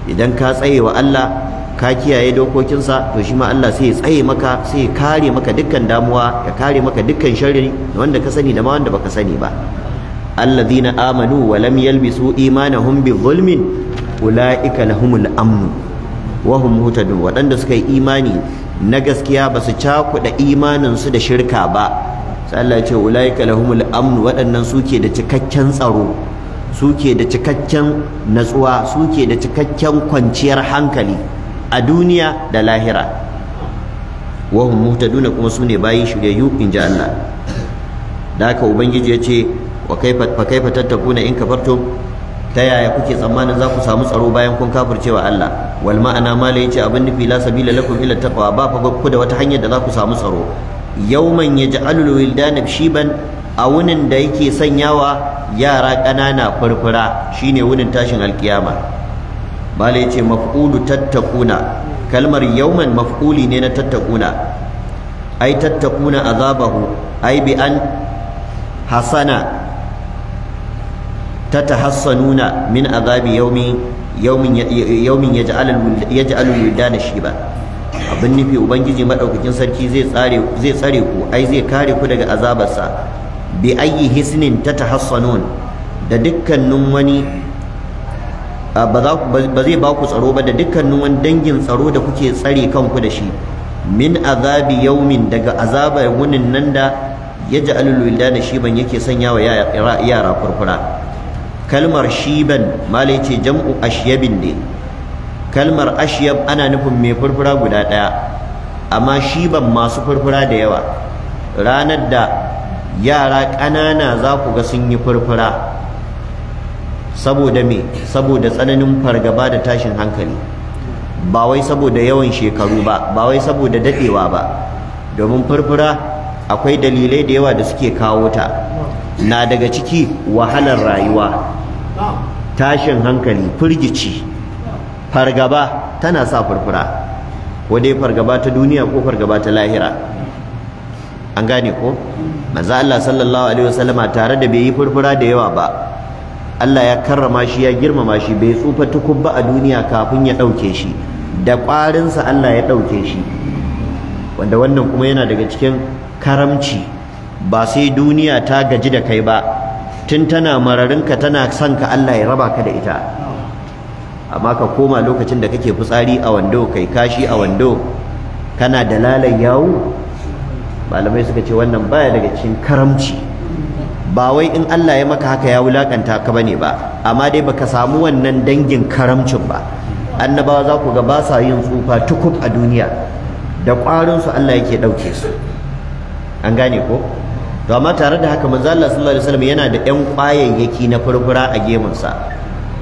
idan ka tsaye wa Allah ka kiyaye dokokinsa to shi ma Allah sai ya tsaye maka sai ya kare maka dukkan damuwa ya kare maka dukkan sharri wanda ka sani da ma wanda baka sani ba alladhina amanu wa lam yalbisu imanahum bizulmin ulaika lahumul amn wa hum mutadun wadanda suka yi imani na gaskiya ba su cakuɗa imaninsu da shirka ba sai Allah ya ce ulaika lahumul waɗannan suke da cikakken tsaro suke da cikakken natsuwa suke da cikakken kwanciyar hankali a duniya da lahira wa hum muhtaduna kuma ne bayi shiryayyu inji Allah da haka ubangiji ya ce wa kaifa fa kaifa tattakuna in kafartum ta yaya kuke tsammanin za ku samu tsaro bayan kun kafurcewa Allah wal ma'ana mala yace abin nufi la sabila lakum illa taqwa ba fa ku da wata hanyar da za ku samu tsaro yawman yaj'alul wildana shiban a wunin da yake sanyawa yara ƙanana furfura shine wunin tashin alkiyama mala yace maf'ulu tattaquna kalmar yawman maf'uli ne na tattaquna ai tattaquna azabahu ai bi an hasana tatahassanuna min azabi yawmi yawmin yawmin yaj'al al shi ba? abin nufi ubangiji madaukakin sarki zai tsare zai tsare ku ai zai kare ku daga azabarsa bi ayyi hisnin tatahassanun da dukkanin wani ba zai ba ku tsaro ba da dukkanin wani dangin tsaro da kuke tsare kanku da shi min azabi yawmin daga azabar wunin nan da yaj'al al-wildana shiban yake sanya wa yara furfura kalmar shiban malai ce jam'u ashyabin ne kalmar ashyab ana nufin mai furfura guda ɗaya amma shiban masu furfura da yawa ranar da yara ƙanana za ku ga sun yi furfura saboda me saboda tsananin fargaba da tashin hankali ba wai saboda yawan shekaru ba ba wai saboda dadewa ba domin furfura akwai dalilai da yawa da suke kawo ta na daga ciki wahalar rayuwa tashin hankali firgici fargaba tana sa furfura ko dai fargaba ta duniya ko fargaba ta lahira an gane ko manzo Allah sallallahu alaihi wasallama tare da bai yi furfura da yawa ba Allah ya karrama shi ya girmama shi bai tsufa tukubba a duniya kafin ya ɗauke shi da ƙwarinsa Allah ya ɗauke shi wanda wannan kuma yana daga cikin karamci ba sai duniya ta gaji da kai ba tun tana mararinka tana son ka Allah ya raba ka da ita amma ka koma lokacin da kake fitsari a wando kai kashi a wando kana da yawo malamai suka ce wannan baya daga cikin karamci ba wai in Allah ya maka haka ya wulakanta ka bane ba amma dai baka samu wannan dangin karamcin ba annabawa za ku ga ba sa yin tsufa tukub a duniya da ƙwarinsu Allah yake ɗauke su an gane ko to amma tare da haka manzo Allah sallallahu alaihi wasallam yana da ƴan kwayayyaki na furfura a gemunsa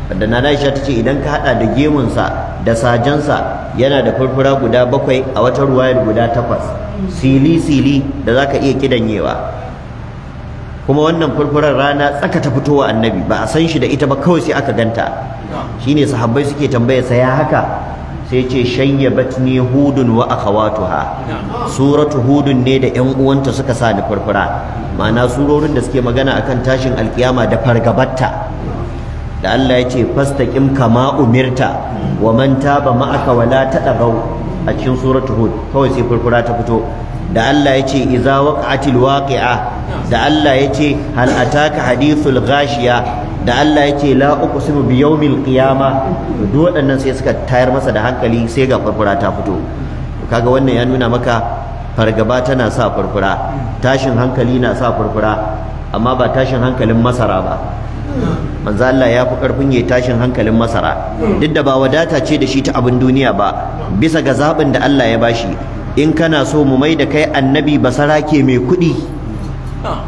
wanda na Aisha ta ce idan ka hada da gemun sa da sajansa yana da furfura guda bakwai a wata ruwayar guda takwas sili sili da zaka iya kidanyewa kuma wannan furfuran rana tsaka ta fitowa annabi ba a san shi da ita ba kawai sai aka ganta shine sahabbai suke sa ya haka sai ce shayyabatni hudun wa akhawatuha suratu Hudu ne da ƴan uwanta suka sa ni furfura ma'ana surorin da suke magana akan tashin alkiyama da fargabatta da Allah ya ce fastaqim kama umirta wa man taba ma'aka wa la tadabau a cikin suratu hud kawai sai furfura ta fito da Allah ya ce iza waqa'atil waqi'a da Allah yace ce hal ataka hadithul ghashiya da Allah yake la uqsimu bi yawmil qiyama to duk waɗannan sai suka tayar masa da hankali sai ga furfura ta fito kaga wannan ya nuna maka fargaba tana sa furfura tashin hankali na sa furfura amma ba tashin hankalin masara ba manzo Allah ya fi karfin ya tashin hankalin masara duk da ba wadata ce da shi ta abin duniya ba bisa ga zaɓin da Allah ya bashi in kana so mu mai da kai annabi basara ke mai kuɗi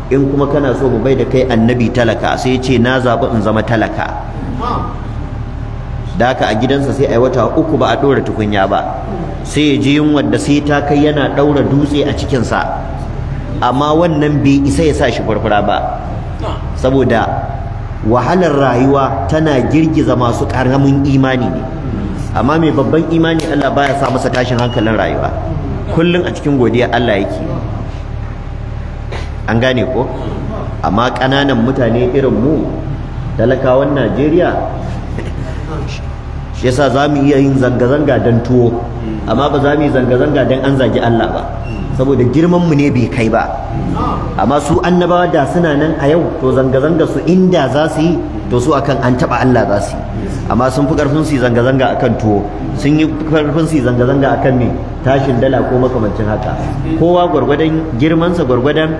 in kuma kana so mu bai da kai annabi talaka sai ya ce na zaɓi in zama talaka da haka a gidansa sai a yi wata uku ba a ɗora tukunya ba sai ya ji yunwar da sai ta kai yana ɗaura dutse a cikinsa amma wannan bai isa ya sa shi furfura ba saboda wahalar rayuwa tana girgiza masu ƙaramin imani ne amma mai babban imani Allah baya sa masa tashin hankalin rayuwa kullum a cikin godiya Allah yake an gane ko amma ƙananan mutane irin mu talakawan najeriya shi yasa za mu iya yin zanga-zanga don tuwo amma ba za mu yi zanga-zanga don an zagi allah ba saboda girman mu ne bai kai ba amma su annabawa da suna nan a yau to zanga zanga su inda za su yi to su akan an taba Allah za su yi amma sun fi karfin su zanga zanga akan tuwo sun yi karfin su zanga zanga akan me tashin dala ko makamancin haka kowa gwargwadon girman sa gwargwadon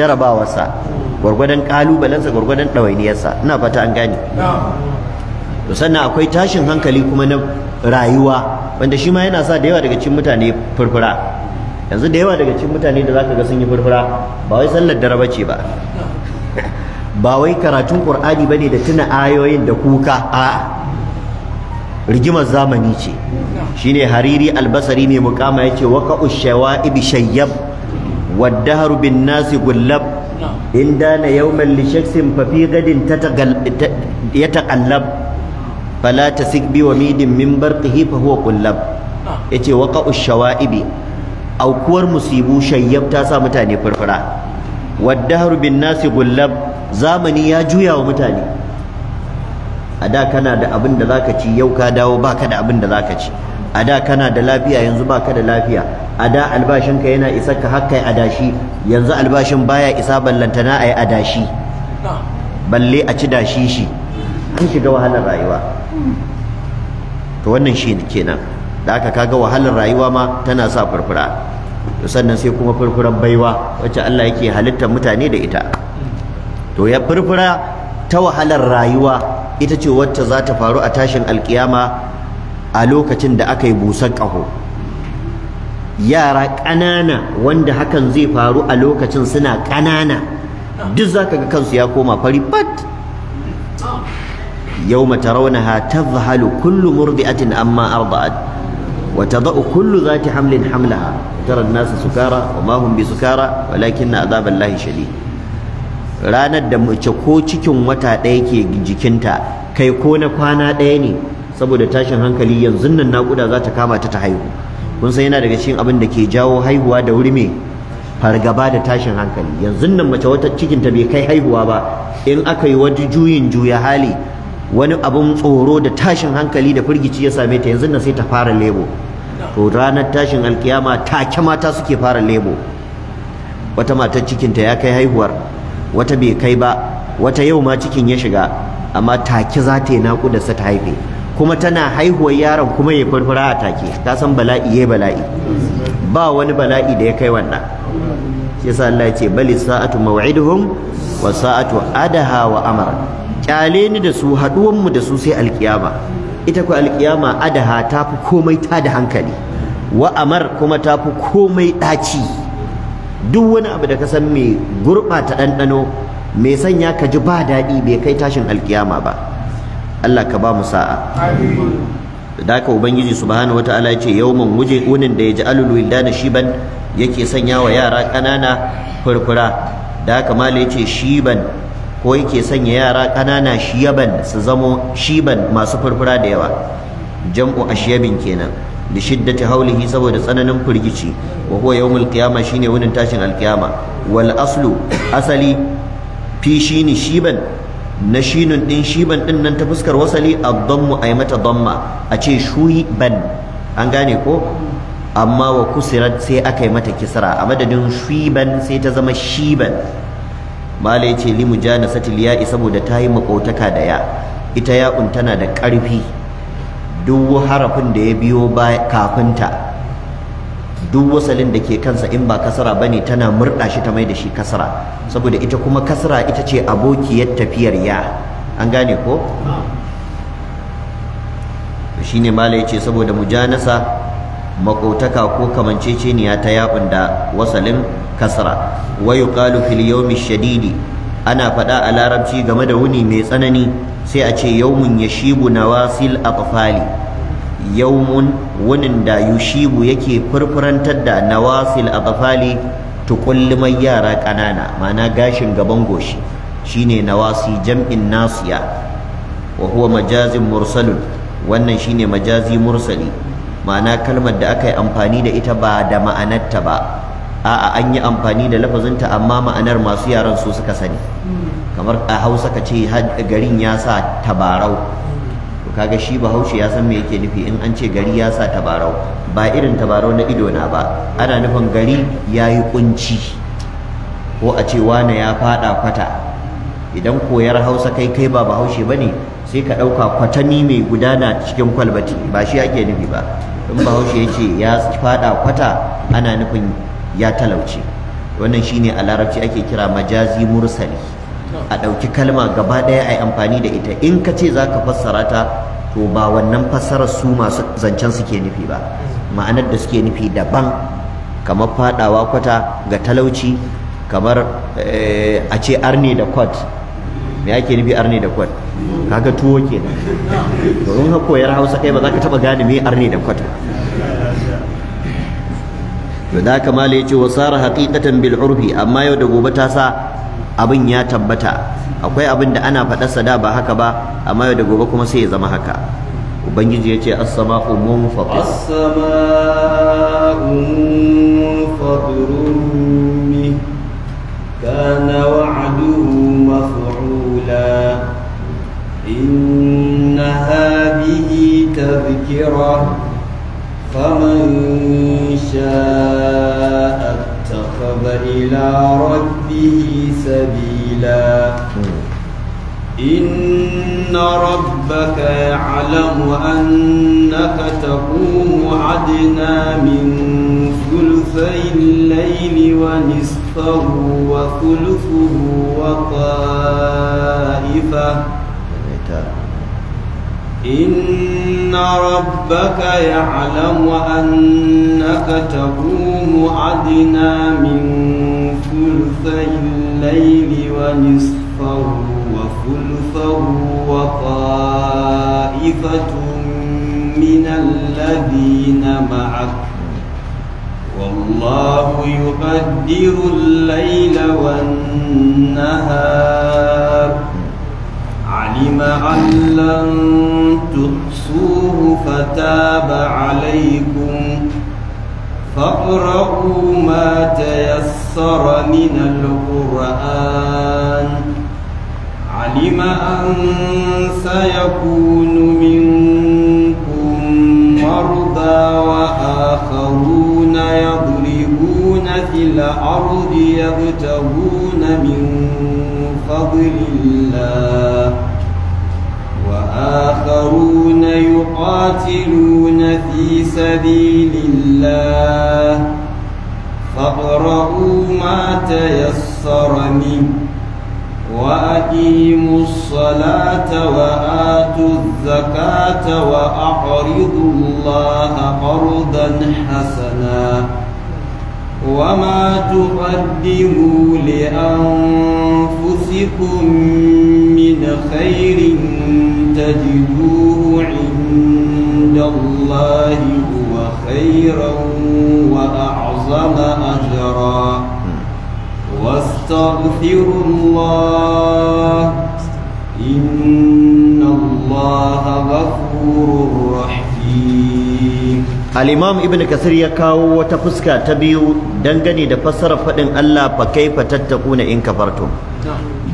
jarabawarsa gwargwadon kalubalensa gwargwadon ɗawainiyarsa ina fata an gane to sannan akwai tashin hankali kuma na rayuwa wanda shi ma yana sa da yawa daga cikin mutane furfura yanzu da yawa daga cikin mutane da zaka ga sun yi furfura ba wai sallar dare bace ba ba wai karatun qur'ani bane da tuna ayoyin da kuka a rigimar zamani ce shine hariri albasari mai mukama yace waqa'u Ibi shayyab wad-dahr bin nas gullab in dana yawman li shaksin fa fi gadin yataqallab fala tasik bi wamidin min barqihi fa huwa yace Ibi. aukuwar musibu shayyab ta sa mutane furfura Wadda bin nasi gullab zamani ya juya wa mutane a da kana da abin da zaka ci yau ka dawo baka da abin da zaka ci a da kana da lafiya yanzu baka da lafiya a da albashinka yana isa ka haka adashi yanzu albashin baya isa ballantana yi adashi balle a ci dashi shi an shiga wahalar rayuwa to wannan shi kenan da aka kaga wahalar rayuwa ma tana sa furfura sannan sai kuma furfuran baiwa wacce Allah yake halitta mutane da ita to ya furfura ta wahalar rayuwa ita ce wacce za ta faru a tashin alkiyama a lokacin da aka yi busar ƙaho yara ƙanana wanda hakan zai faru a lokacin suna ƙanana duk za ka ga kansu ya koma fari fat? yau mata raunaha ta zahalu kullu murdi'atin amma arba'at وتضع كل ذات حمل حملها ترى الناس سكارى وما هم بسكارى ولكن عذاب الله شديد ranar da mace ko cikin wata ɗaya ke jikinta kai ko na kwana ɗaya ne saboda tashin hankali yanzu nan naƙuda za ta kama ta ta haihu kun san yana daga cikin abin da ke jawo haihuwa da wuri me fargaba da tashin hankali yanzu nan mace wata cikinta bai kai haihuwa ba in aka yi wata juyin juya hali wani abin tsoro da tashin hankali da firgici ya same ta yanzu nan sai ta fara lebo to ranar tashin alkiyama take mata suke fara lebo wata matar cikinta ya kai haihuwar wata bai kai ba wata yau ma cikin ya shiga amma take za ta yi naƙuda sa ta haife kuma tana haihuwar yaron kuma ya farfara a take ta san bala'i ya bala'i ba wani bala'i da ya kai wannan shi yasa Allah ya ce bali sa'atu maw'iduhum wa sa'atu adaha wa amara kyale ni da su mu da su sai alkiyama ita ku alkiyama adaha ta fi komai ta da hankali wa amar kuma ta fi komai ɗaci duk wani abu da ka san mai gurɓata ɗanɗano mai sanya ka ji ba daɗi bai kai tashin alkiyama ba Allah ka ba mu sa'a da haka ubangiji subhanahu wataala ya ce yawman wuje unin da ya ji alul wildana shiban yake sanya wa yara ƙanana furfura da haka mala ya ce shiban ko yake sanya yara ƙanana shiyaban su zamo shiban masu furfura da yawa jam'u ashyabin kenan da shiddati haulihi saboda tsananin firgici wa huwa yawmul qiyama shine wunin tashin alqiyama wal aslu asali fi shine shiban na shinun din shiban din nan ta fuskar wasali ad-dammu ay mata damma a ce shuiban an gane ko amma wa kusirat sai aka yi mata kisra a madadin shuiban sai ta zama shiban malai yace li mujanasatil ya'i saboda ta yi makotaka da ya ita ya'un tana da ƙarfi duk harafin da ya biyo ba kafinta duk wasalin da ke kansa in ba kasara bane tana murɗa shi ta mai da shi kasara saboda ita kuma kasara ita ce abokiyar tafiyar ya an gane ko shine malai ce saboda mujanasa makotaka ko kamanceceniya ta ya'un da wasalin kasra wa yuqalu fil yawmi shadidi ana faɗa a larabci game da wuni mai tsanani sai a ce yawmun yashibu nawasil aqfali yawmun wunin da yushibu yake furfurantar da nawasil aqfali tukulluman yara ƙanana ma'ana gashin gaban goshi shine nawasi jam'in nasiya wa huwa majazin mursalun wannan shine majazi mursali ma'ana kalmar da aka yi amfani da ita ba da ma'anarta ba a'a an yi amfani da lafazinta amma ma'anar masu yaran su suka sani kamar a hausa ka ce garin ya sa tabarau to kaga shi bahaushe ya san me yake nufi in an ce gari ya sa tabarau ba irin tabarau na ido na ba ana nufin gari ya yi kunci ko a ce wane ya fada kwata idan koyar hausa kai kai ba bahaushe ba ne sai ka ɗauka kwatani mai gudana cikin kwalbati ba shi ake nufi ba in bahaushe ya ce ya fada kwata ana nufin ya talauci wannan shine a larabci ake kira majazi mursali a ɗauki kalma gaba ɗaya a yi amfani da ita in ka ce za ka fassara ta to ba wannan fassarar su masu zancen suke nufi ba ma'anar da suke nufi daban kamar fadawa kwata ga talauci kamar eh, a ce arne da kwat me ake nufi arne da kwat kaga tuwo kenan to in ka koyar hausa kai ba za ka taba gane me arne da kwat to da haka mala yace wa sara haqiqatan bil urfi amma yau da gobe ta sa abin ya tabbata akwai abin da ana faɗa sada ba haka ba amma yau da gobe kuma sai ya zama haka ubangiji yace as-sama'u munfatir as-sama'u munfatirun kana wa'duhu maf'ula فمن شاء اتخذ إلى ربه سبيلا إن ربك يعلم أنك تقوم عدنا من ثلثي الليل ونصفه وثلثه وطائفة إن إن ربك يعلم أنك تقوم أدنى من ثلثي الليل ونصفه وثلثه وطائفة من الذين معك والله يقدر الليل والنهار علم أن لن تطيع فاكسوه فتاب عليكم فاقرؤوا ما تيسر من القرآن علم أن سيكون منكم مرضى وآخرون يضربون في الأرض يبتغون من فضل الله وآخرون يقاتلون في سبيل الله فاقرؤوا ما تيسر منه وأقيموا الصلاة وآتوا الزكاة وأقرضوا الله قرضا حسنا وما تقدموا لأنفسكم من خير تجدوه عند الله هو خيرا وأعظم أجرا واستغفروا الله إن الله غفور رحيم al-imam ibn kasir ya kawo wata fuska ta biyu dangane da fassarar faɗin Allah fa kaifa tattaquna in kafartum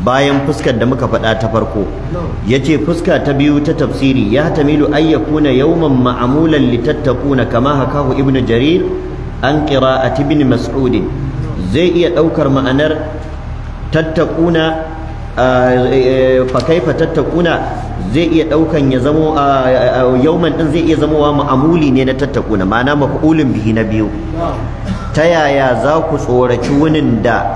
bayan fuskar da muka faɗa ta farko yace fuska ta biyu ta tafsiri ya tamilu ayyakuna yakuna yawman ma'mulan litattaquna kama hakahu ibn jarir an qira'ati ibn mas'ud zai iya daukar ma'anar tattakuna. fa kaifa tattakuna zai iya daukan ya zamo yauman din zai iya zamowa ma'amuli ne na tattakuna ma'ana maf'ulun bihi na biyu ta yaya za ku tsoraci wunin da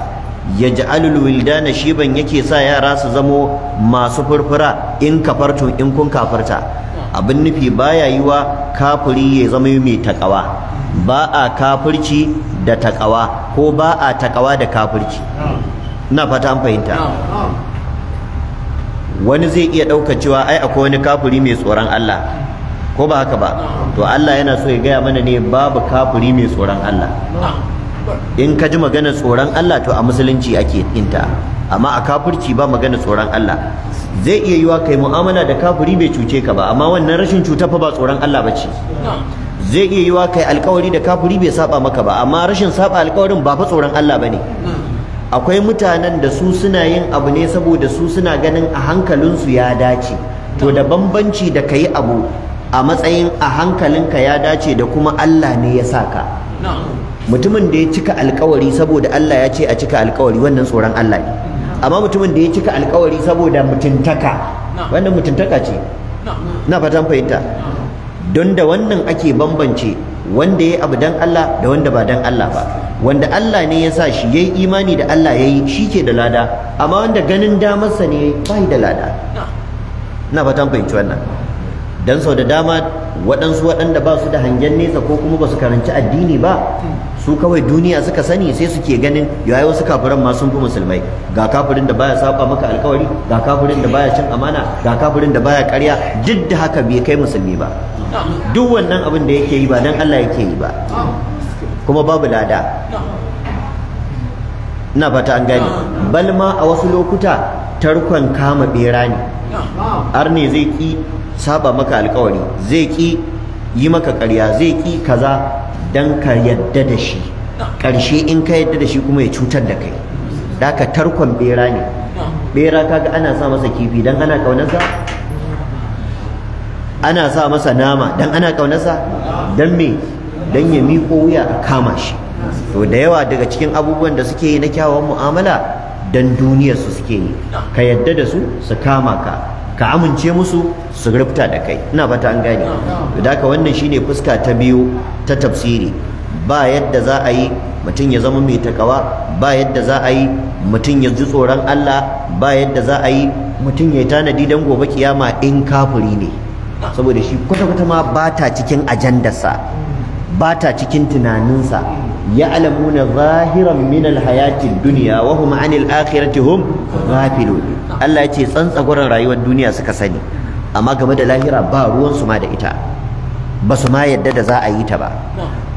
ya ji ja'alul shi ban yake sa yara su zama masu furfura in kafartun in kun kafarta abin nufi ba baya yiwa kafuri ya zama mai takawa ba a kafurci da takawa ko ba a takawa da kafurci? na fata an fahimta wani zai iya ɗauka cewa ai akwai wani kafuri mai tsoron Allah ko ba haka ba to Allah yana so ya gaya mana ne babu kafuri mai tsoron Allah in ka ji magana tsoron Allah to a musulunci ake inta amma a kafirci ba magana tsoron Allah zai iya yiwa kai mu'amala da kafiri bai cuce ka ba amma wannan rashin cuta fa ba tsoron Allah bace zai iya yiwa kai alkawari da kafiri bai saba maka ba amma rashin saba alkawarin ba fa tsoron Allah bane akwai mutanen da su suna yin abu ne saboda su suna ganin a hankalinsu ya dace to da bambanci da ka yi abu a matsayin a hankalinka ya dace da kuma Allah ne ya saka mutumin da ya cika alkawari saboda Allah ya ce a cika alkawari wannan tsoron Allah ne amma mutumin da ya cika alkawari saboda mutuntaka wannan mutuntaka ce na fatan fahimta don da wannan ake bambance wanda yayi abu dan Allah da wanda ba dan Allah ba wanda Allah ne ya sa shi yayi imani da Allah yayi ke da lada amma wanda ganin damarsa ne bai da lada ah. ina fatan fahimci wannan dan sau da dama waɗansu waɗanda ba su da hangen nesa ko kuma ba su karanci addini ba su kawai duniya suka sani sai suke ganin yayi wasu kafiran ma sun fi musulmai ga kafirin da baya saba maka alkawari ga kafirin da baya cin amana ga kafirin da baya ƙarya duk da haka bai kai musulmi ba duk wannan abin da yake yi ba dan Allah yake yi ba kuma babu lada ina fata an gane bal a wasu lokuta tarkon kama bera ne arne zai ki saba maka alkawari zai ki yi maka ƙarya zai ki kaza dan ka yadda da shi ƙarshe in ka yadda da shi kuma ya cutar da kai da ka tarkon bera ne bera kaga ana sa masa kifi dan ana kaunarsa ana sa masa nama dan ana kaunarsa dan me dan ya miko wuya a kama shi to da yawa daga cikin abubuwan da suke yi na kyawawan mu'amala dan duniyarsu suke yi ka yadda da su su kama ka ka amince musu su rufta da kai ina fata an gani. da haka wannan shine fuska ta biyu ta tafsiri ba yadda za a yi mutum ya zama mai takawa ba yadda za a yi mutum ya ji tsoron Allah ba yadda za a yi mutum ya tanadi dan gobe kiyama in kafuri ne saboda shi kwata-kwata ma ba ta cikin ajandarsa ba ta cikin tunaninsa na zahiran minal hayatin duniya, wa hum anil akhirati hum ghafilun Allah ya ce tsantsagoran rayuwar duniya suka sani amma game da lahira ba ruwan su ma da ita ba su ma yadda da za a yi ta ba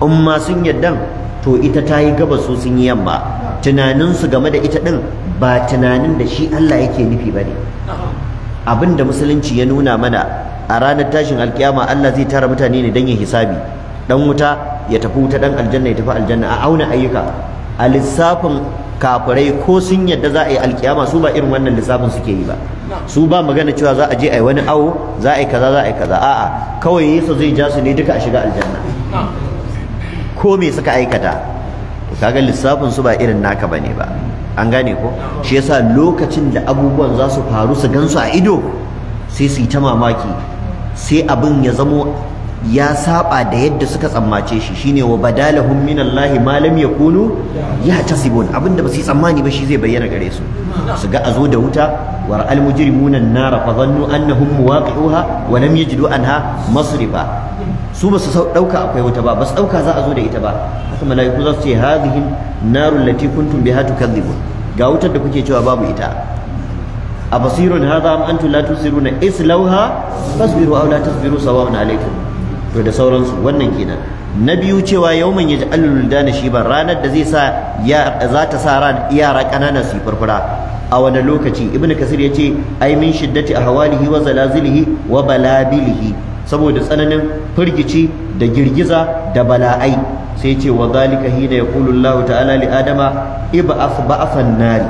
in sun yarda to ita ta yi gaba su yi yamma Tunaninsu game da ita ɗin, ba tunanin da shi Allah yake nufi ne. abin da musulunci ya nuna mana a ranar tashin alkiyama Allah zai tara mutane ne dan ya hisabi ɗan wuta ya tafi wuta dan aljanna ya tafi aljanna a auna ayyuka a lissafin kafirai ko sun yadda za a yi alkiyama su ba irin wannan lissafin suke yi ba su ba magana cewa za a je a yi wani awo za a yi kaza za a yi kaza a'a kawai yesu zai ja su ne duka a shiga aljanna ko me suka aikata to kaga lissafin su ba irin naka bane ba an gane ko shi yasa lokacin da abubuwan za su faru su gansu a ido sai su yi ta mamaki sai abin ya zamo ya saba da yadda suka tsammace shi shine wa badalahum minallahi ma lam yakunu tasibun abinda ba su tsammani ba shi zai bayyana gare su su ga azo da wuta wa ra'al mujrimuna an-nar fa dhannu annahum muwaqi'uha wa lam yajidu anha masrifa su ba su dauka akwai wuta ba ba su dauka za a zo da ita ba haka malaiku za su ce hadhihi narul lati kuntum biha tukadzibun ga wutar da kuke cewa babu ita abasirun hadha am antum la tusiruna islauha fasbiru aw la tasbiru sawa'un alaykum to da sauransu wannan kenan na biyu cewa yawman yaj'alul dana ba ranar da zai sa za ta sa ran yara ƙanana su furfura a wani lokaci ibnu kasir ya ce, ai min shiddati ahwalihi wa zalazilihi wa balabilihi saboda tsananin firgici da girgiza da bala'ai sai ce wa zalika hina yaqulu Allah ta'ala li adama ib'ath ba'athan nari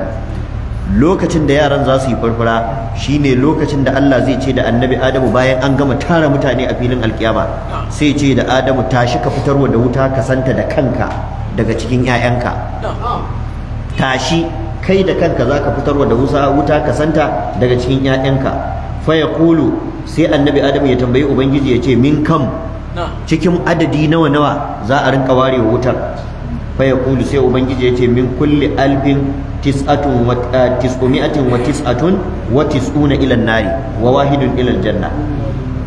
lokacin da yaran za su yi farfara shine lokacin da Allah zai ce da annabi Adamu bayan an gama tara mutane a filin alkiyama sai ce da Adamu tashi ka fitarwa da wuta ka santa da kanka daga cikin 'ya'yanka tashi kai da kanka za ka fitarwa da wuta ka santa daga cikin 'ya'yanka Faya Kulu sai annabi Adamu ya tambayi ubangiji ya ce min kam cikin adadi nawa nawa za a rinka warewa wutar fa yaqulu sai ubangiji yace min kulli alfin tis'atun wa eh, tis'umi'atin wa tis'atun wa tis'una ila nari wa wahidun ila janna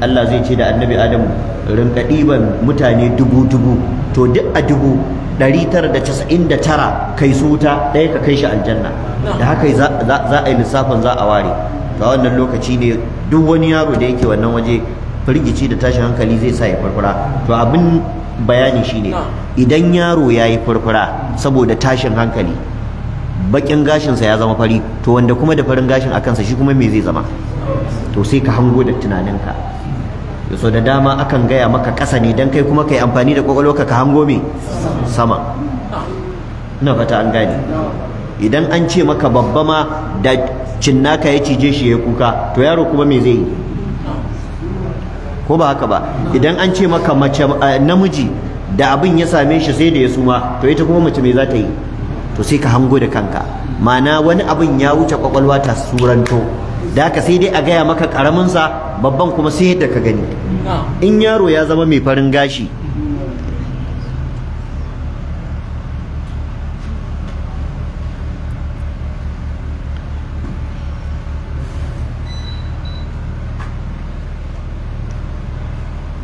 Allah zai ce da annabi Adamu rinka ɗiban mutane dubu dubu to duk a dubu 999 kai su wuta ɗaya ka kai shi aljanna da haka za a yi lissafin za a ware to wannan lokaci ne duk wani yaro da yake wannan waje firgici da tashin hankali zai sa ya farfara to abin bayani shine idan yaro yayi furfura saboda tashin hankali bakin gashinsa ya zama fari to wanda kuma da farin gashin a kansa shi kuma me zai zama to sai ka hango da tunaninka yaso da dama akan gaya maka kasa ne dan kai kuma kai amfani da kwakwalwarka ka hango me sama ina fata an gane idan an ce maka babba ma da cinnaka ya cije shi ya kuka to yaro kuma me zai yi ko ba haka ba idan an ce maka mace eh, namiji da abin ya same shi sai da ya suma to ita kuma mace me za ta yi to sai ka hango da kanka ma'ana wani abin ya wuce kwakwalwa ta suranto da haka sai dai a gaya maka karamin sa babban kuma sai da ka gani ah. in yaro ya zama mai farin gashi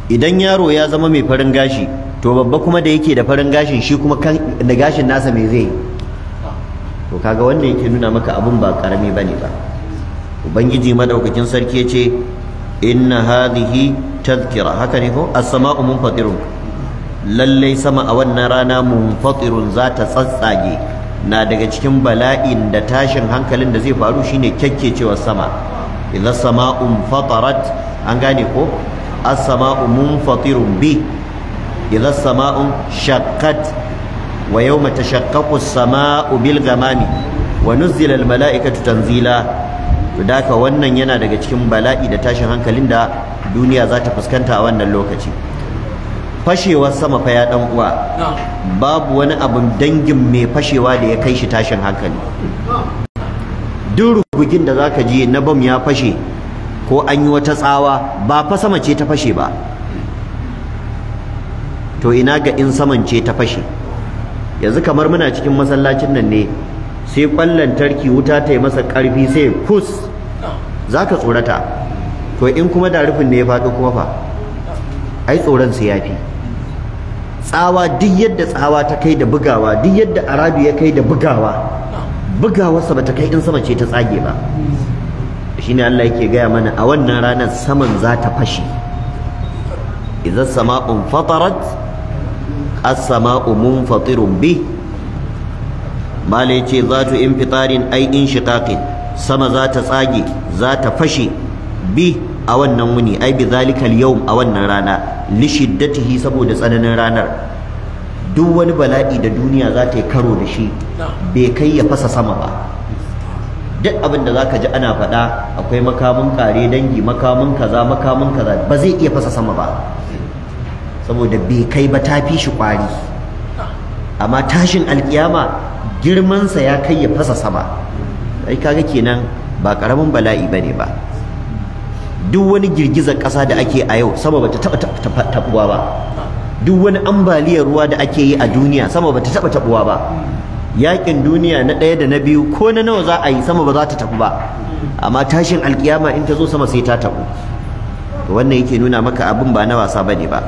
idan yaro ya zama mai farin gashi to babba kuma da yake da farin gashin shi kuma da gashin nasa mai zai to kaga wanda yake nuna maka abun ba karami bane ba ubangiji madaukakin sarki ce, inna hadhihi tadhkira haka ne ko as-sama'u munfatirun lallai sama a wannan rana munfatirun za ta tsatsage na daga cikin bala'in da tashin hankalin da zai faru shine kyakkecewar sama idan sama'un fatarat an gane ko as-sama'u munfatirun bi idza as-sama'u shaqqat wa yawma tashaqqaqu as-sama'u bil ghamami wa nuzila malaikatu tanzila to daka wannan yana daga cikin bala'i da tashin hankalin da duniya za ta fuskanta a wannan lokaci fashewar sama fa ya dan uwa babu wani abun dangin mai fashewa da ya kai shi tashin hankali duk rugugin da zaka ji na bam ya fashe ko an yi wata tsawa ba fa sama ce ta fashe ba to ina ga in saman ce ta fashe yanzu kamar muna cikin masallacin nan ne sai kwallon tarki wuta ta yi masa ƙarfi sai kus za ka tsorata to in kuma da rufin ne ya faɗo kuma fa ai tsoron su ya fi tsawa duk yadda tsawa ta kai da bugawa duk yadda arabi ya kai da bugawa bugawarsa ba ta kai in sama ce ta tsage ba shine Allah yake gaya mana a wannan ranar saman za ta fashe idza sama'un fatarat as-sama'u munfatirun bi mala yace zatu infitarin ai inshiqaqin sama za ta tsage za ta fashe bi a wannan wuni ai bi zalikal yawm a wannan rana li shiddatihi saboda tsananin ranar duk wani bala'i da duniya za ta yi karo da shi bai kai ya fasa sama ba duk abin da zaka ji ana faɗa akwai makamin ƙare dangi makamin kaza makamin kaza ba zai iya fasa sama ba saboda bai kai ba ta fi shi kwari amma tashin alkiyama girmansa ya kai ya fasa sama ai kaga kenan ba ƙaramin bala'i ne ba duk wani girgizar ƙasa da ake a yau sama bata taɓa taɓuwa ba duk wani ambaliyar ruwa da ake yi a duniya sama bata taɓa taɓuwa ba yakin duniya na ɗaya da na biyu ko na nawa za a yi sama ba za ta tafi ba amma tashin alkiyama in ta zo sama sai ta tafi wannan yake nuna maka abin ba na wasa bane ba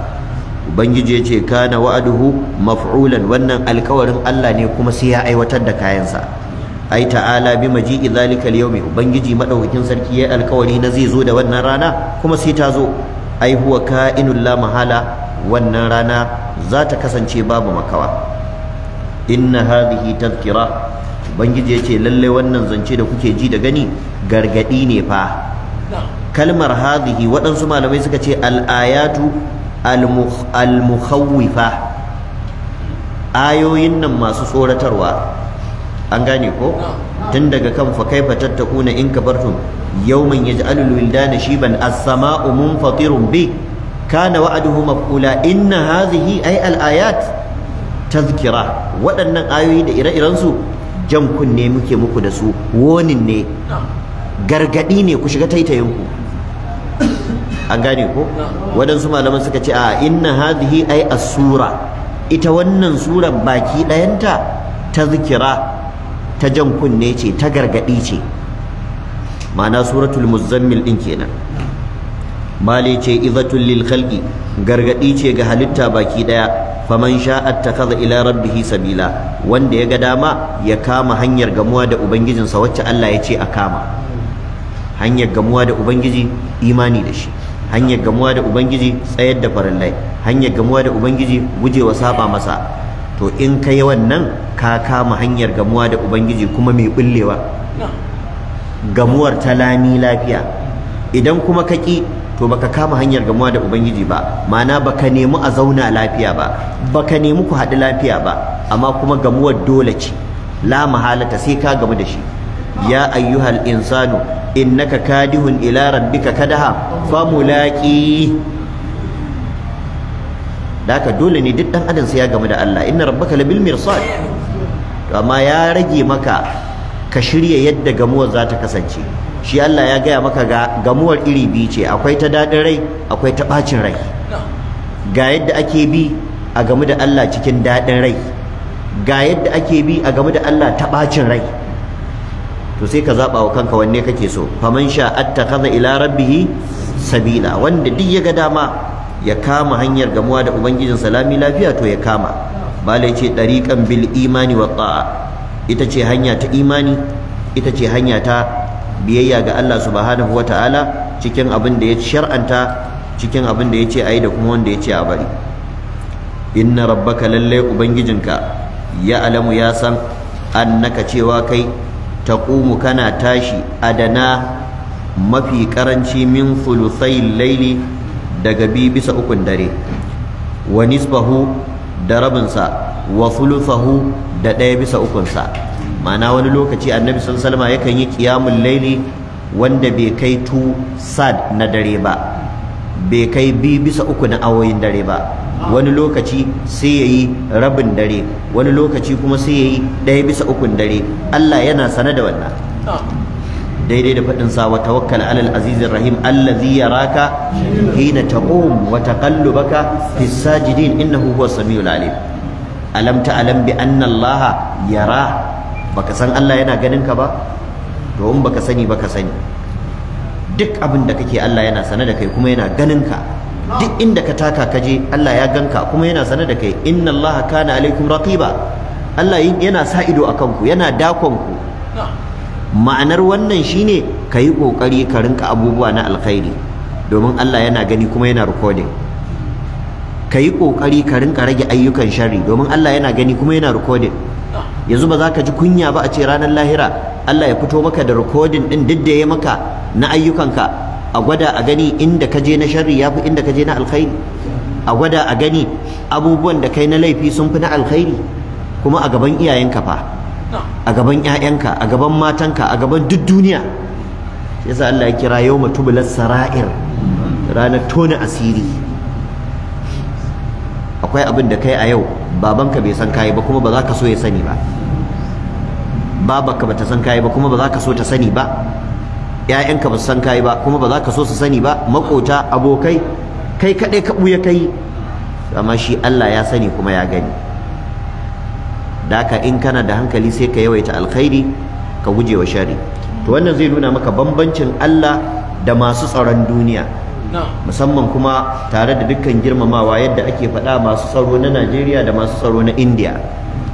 ubangiji yace ce kana wa'aduhu maf'ulan wannan alkawarin Allah ne kuma sai ya aiwatar da kayansa ai ta'ala bi maji'i zalika al-yawm ubangiji madaukakin sarki ya alkawari na zai zo da wannan rana kuma sai ta zo ai huwa ka'inul la mahala wannan rana za ta kasance babu makawa inna hadhihi tadhkira ubangiji yace lalle wannan zance da kuke ji da gani gargadi ne fa kalmar hadhihi waɗansu malamai suka ce al-ayatu al ayoyin nan masu tsoratarwa an gane ko tun daga kan fa kaifa tattakuna in kabartum yawman yaj'alul wildana shiban as-sama'u munfatirun bi kana wa'aduhu maf'ula inna hadhihi ay al-ayat tazkira waɗannan ayoyi da ire-irensu jan kunne muke muku da su wonin ne gargadi ne ku shiga taitayinku an gane ko waɗansu malaman suka ce a inna hadhihi ay sura. ita wannan surar baki ɗayanta tazkira zikira ta jan kunne ce ta gargadi ce ma'ana suratul muzammil din kenan mali ce izatul lil khalqi gargadi ce ga halitta baki ɗaya. faman sha'a takaza ila rabbihi sabila wanda ya ga dama ya kama hanyar gamuwa da ubangijinsa wacce Allah ya ce a kama hanyar gamuwa da ubangiji imani da shi hanyar gamuwa da ubangiji tsayar da farallai hanyar gamuwa da ubangiji gujewa saba masa to in ka yi wannan ka kama hanyar gamuwa da ubangiji kuma mai bullewa gamuwar ta lami lafiya idan kuma ka ki to baka kama hanyar gamuwa da ubangiji ba ma'ana baka nemi a zauna lafiya ba baka nemi ku haɗu lafiya ba amma kuma gamuwar dole ce la mahalata sai ka gamu da shi ya ayyuhal insanu innaka kadihun ila rabbika kadaha famulaqi daka dole ne duk dan adam sai ya gamu da Allah inna rabbaka labil mirsad to amma ya rage maka ka shirya yadda gamuwar za ta kasance shi Allah ya gaya maka ga gamuwar iri biyu ce akwai ta daɗin rai akwai ta ɓacin rai ga yadda ake bi a game da Allah cikin daɗin rai ga yadda ake bi a game da Allah ta bacin rai to sai ka zaɓa wa kanka wanne kake so faman sha attakhadha ila rabbihi sabila wanda duk ya ga dama ya kama hanyar gamuwa da ubangijin salami lafiya to ya kama bala yace dariqan bil imani wa ta'a ita ce hanya ta imani ita ce hanya ta biyayya ga Allah subhanahu Ta'ala cikin abin da ya shar'anta cikin abin da ya ce a yi da kuma wanda ya ce a bari inna rabbaka lalle ubangijinka ya alamu ya san annaka cewa kai taqumu kana tashi adana mafi karanci min thulutsai laili daga bi bisa ukun dare wa nisbahu da rabinsa wa thulutsahu da ɗaya bisa ukunsa ma'ana wani lokaci annabi sallallahu alaihi wasallam yakan yi qiyamul laili wanda bai kai tu sad na dare ba bai kai bi bisa uku na awoyin dare ba wani lokaci sai yayi rabin dare wani lokaci kuma sai yayi ɗaya bisa ukun dare Allah yana sana da wannan daidai da faɗin sa wa tawakkal alal azizir rahim allazi yaraka hina taqum wa taqallubaka fis sajidin innahu huwas samiul alim alam ta'lam bi anna Allah yara baka san Allah yana ganin ka ba to in baka sani baka sani duk abin da kake Allah yana sane da kai kuma yana ganin ka duk inda ka taka ka je Allah ya ganka kuma yana sane da kai inna Allah kana alaikum raqiba Allah yana sa ido akan ku yana dakon ku ma'anar wannan shine kayi kokari ka rinka abubuwa na alkhairi domin Allah yana gani kuma yana recording kayi kokari ka rinka rage ayyukan sharri domin Allah yana gani kuma yana recording yanzu ba za ka ji kunya ba a ce ranar lahira Allah ya fito maka da rikodin din duk da ya maka na ayyukanka a gwada a gani inda ka je na sharri ya fi inda ka je na alkhairi a gwada a gani abubuwan da kai na laifi sun fi na alkhairi kuma a gaban iyayenka fa a gaban 'ya'yanka a gaban matanka a gaban duk duniya yasa Allah ya kira yau matubular sara'ir ranar tona asiri akwai abin da kai a yau babanka bai san kayi ba kuma ba za ka so ya sani ba babarka bata san kai ba kuma ba za ka so ta sani ba Ya'yanka ba san kai ba kuma ba za ka so su sani ba makota abokai kai kaɗai ka buya kai amma shi Allah ya sani kuma ya gani da ka in kana da hankali sai ka yawaita alkhairi ka guje wa shari to wannan zai nuna maka bambancin Allah da masu tsaron duniya musamman kuma tare da dukkan girmamawa yadda ake faɗa masu tsaro na Najeriya da masu tsaro na India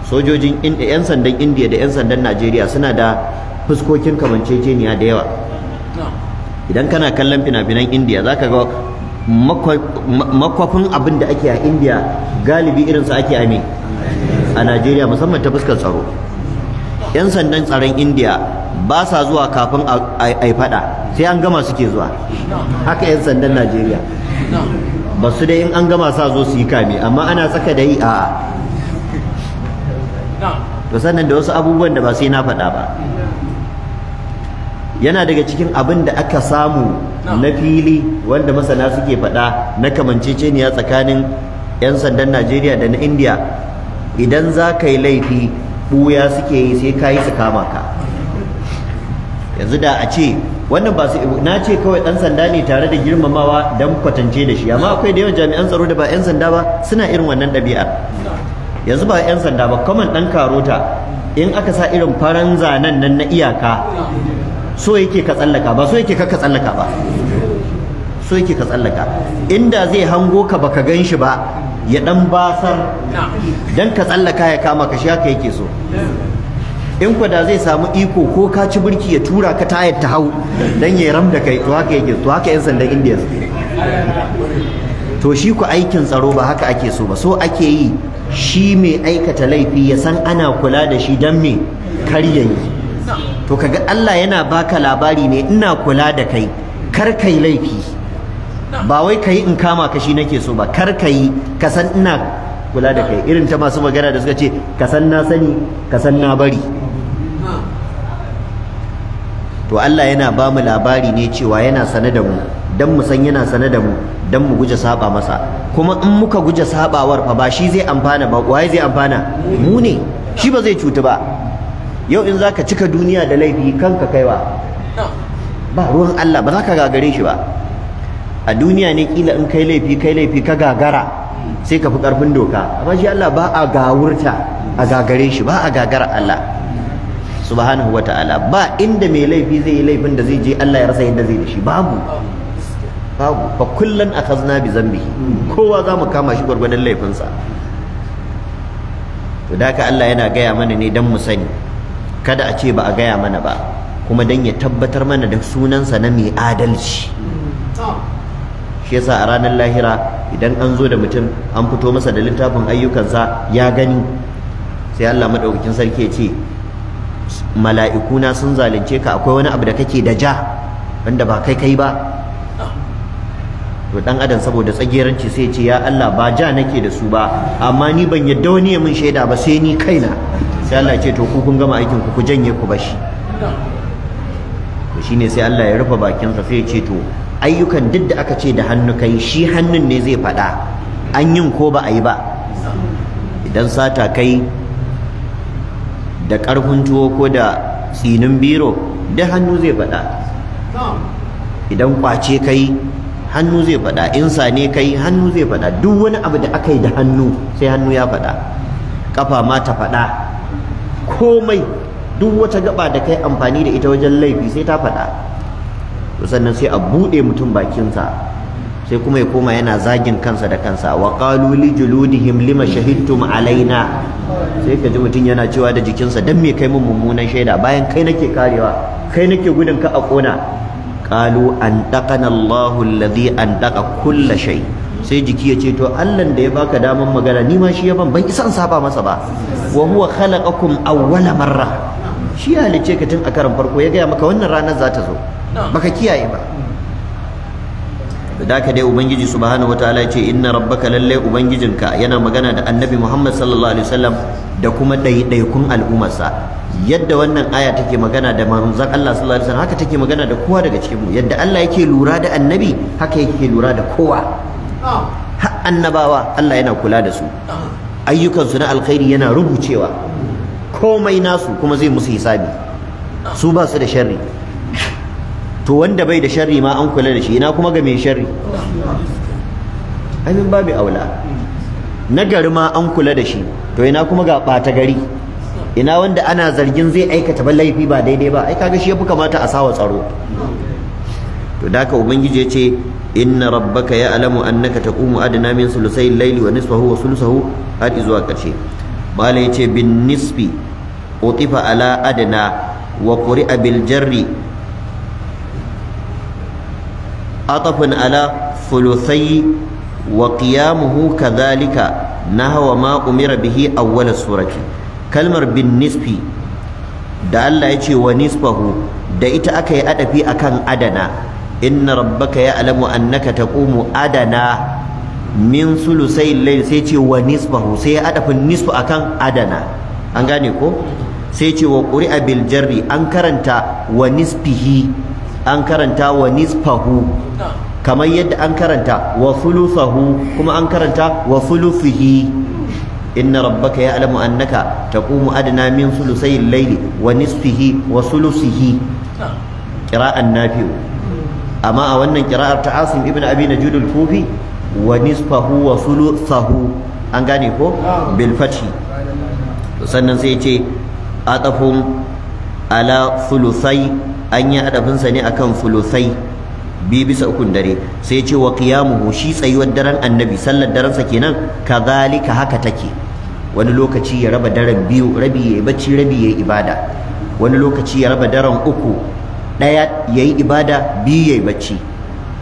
sojojin 'yan sandan indiya da 'yan sandan najeriya suna da fuskokin kamanceceniya da yawa idan kana kallon fina-finan indiya za ka ga makwafin abin da ake a indiya galibi irinsu ake a ne a najeriya musamman ta fuskar tsaro 'yan sandan tsaron indiya ba sa zuwa kafin a fada sai an gama suke zuwa haka 'yan sandan najeriya ba su dai in an gama sa zo su yi kame amma ana tsaka da yi a Ka sanin da wasu abubuwan da ba sai na faɗa ba yana daga cikin abin da aka samu na fili wanda masana suke faɗa na kamanceceniya tsakanin 'yan sandan Najeriya da na India idan za ka yi laifi ɓuya suke yi sai ka yi su kama ka yanzu da a ce wannan ba su na ce kawai ɗan sanda ne tare da girmamawa don kwatance da shi amma akwai da yawan jami'an tsaro da ba 'yan sanda ba suna irin wannan ɗabi'ar yanzu ba 'yan sanda ba kwaman ɗan karota in aka sa irin faran zanen nan na iyaka so yake ka tsallaka ba so yake ka ka tsallaka ba so yake ka tsallaka inda zai hango ka baka gan shi ba ya dan basar dan ka tsallaka ya kama ka shi haka yake so in ku da zai samu iko ko ka ci birki ya tura ka tayar ta hau dan ya ram da kai to haka yake to haka yan sandan indiya to shi ku aikin tsaro ba haka ake so ba so ake yi shi mai aikata laifi ya san ana kula da shi don me kar yi? to kaga Allah yana baka labari ne ina kula da kai kar kai laifi ba wai kai in kama ka shi nake so ba kar kai ka san ina kula da kai irin ta masu magana da suka ce ka san na sani ka san na bari to Allah yana ba mu labari ne cewa yana sane da mu dan mu san yana sane da mu dan mu guje saba masa kuma in muka guje sabawar fa ba shi zai amfana ba waye zai amfana mu ne shi ba zai cutu ba yau in zaka cika duniya da laifi kanka kaiwa ba ruwan Allah ba za ka gagare shi ba a duniya ne kila in kai laifi kai laifi ka gagara sai ka fi karfin doka amma shi Allah ba a gawurta a gagare shi ba a gagara Allah subhanahu wataala ba inda mai laifi zai yi laifin da zai je Allah ya rasa yadda zai da shi babu babu kullum kullun akhazna bi zambihi kowa zamu kama shi gwargwadon laifinsa to da Allah yana gaya mana ne dan mu sani kada a ce ba a gaya mana ba kuma dan ya tabbatar mana da sunansa na mai adalci shi yasa a ranar lahira idan an zo da mutum an fito masa da littafin ayyukansa ya gani sai Allah madaukakin sarki ya ce mala'ikuna sun zalunce ka akwai wani abu da kake da ja wanda ba kai kai ba to dan adam saboda tsageranci sai ce ya Allah ba ja nake da su ba amma ni ban yadda wani ya min shaida ba sai ni kaina sai Allah ce to ku kun gama aikin ku janye ku bashi to shine sai Allah ya rufe bakin sa sai ya ce to ayyukan duk da aka ce da hannu kai shi hannun ne zai faɗa an yin ko ba a yi ba idan sata kai da ƙarfin tuwo ko da tsinin biro da hannu zai faɗa idan kwace kai hannu zai faɗa in sane kai hannu zai faɗa duk wani abu da aka yi da hannu sai hannu ya faɗa kafa ma ta faɗa komai duk wata gaba da kai amfani da ita wajen laifi sai ta faɗa sannan sai a buɗe mutum bakinsa sai kuma ya koma yana zagin kansa da kansa wa qalu li juludihim lima shahidtum alaina sai ka ji mutum yana cewa da jikinsa dan mai kai mun mummunan shaida bayan kai nake karewa kai nake gudun ka a kona Kalu an taqana Allahu alladhi an taqa kull shay sai jiki ya ce to Allah da ya baka daman magana nima shi ya ban ban saba masa ba Wahuwa huwa khalaqakum awwala marra shi ya halice ka a karan farko ya gaya maka wannan ranar zata ta zo baka kiyaye ba da dai ubangiji subhanahu wataala ya ce inna rabbaka lallai ubangijinka yana magana da annabi Muhammad SA da kuma ɗaiɗaikun al'ummarsa yadda wannan aya take magana da manzon Allah sallallahu alaihi wasallam haka take magana da kowa daga cikin mu yadda Allah yake lura da annabi haka yake lura da kowa ha annabawa Allah yana kula da su ayyukan su na alkhairi yana rubucewa komai nasu kuma zai musu hisabi su ba su da sharri to wanda bai da sharri ma an kula da shi ina kuma ga mai sharri amin babu aula nagari ma an kula da shi to ina kuma ga ɓata gari ina wanda ana zargin zai aikata ba laifi ba daidai ba ai kaga shi yafi kamata a sawa tsaro to da haka ubangiji ya ce inna rabbaka ya'lamu annaka taqumu adna min sulusai al-layli wa nisfahu wa sulusahu har zuwa kace bala yace bin nisfi utifa ala adna wa quri'a bil jarri atafan ala sulusai wa qiyamuhu kadhalika nahwa ma umira bihi awwal surati kalmar bin nisfi da Allah ya ce wa nisfahu da ita aka yi adafi akan adana inna rabbaka ya'lamu annaka taqumu adana min sulusai layl sai ce wa nisfahu sai ya adafin nisfu akan adana an gane ko sai ce wa qur'a bil jarri an karanta wa nisfihi an karanta wa nisfahu kamar yadda an karanta wa thuluthahu kuma an karanta wa thuluthihi inna rabbaka ya'lamu annaka taqumu adna min sulusai al-layli wa nisfihi wa sulusihi qira'an nafi'u amma a wannan kiraar ta Asim ibn Abi Najud al-Kufi wa nisfahu wa sulusahu an gane ko bil sannan sai ce atafun ala sulusai an yi adafinsa ne akan sulusai bi bisa ukun dare sai ce wa qiyamuhu shi tsayuwar daren annabi sallar daren sa kenan kadhalika haka take wani lokaci ya raba daren biyu rabi yayi bacci rabi yayi ibada wani lokaci ya raba daren uku daya yayi ibada biyu yayi bacci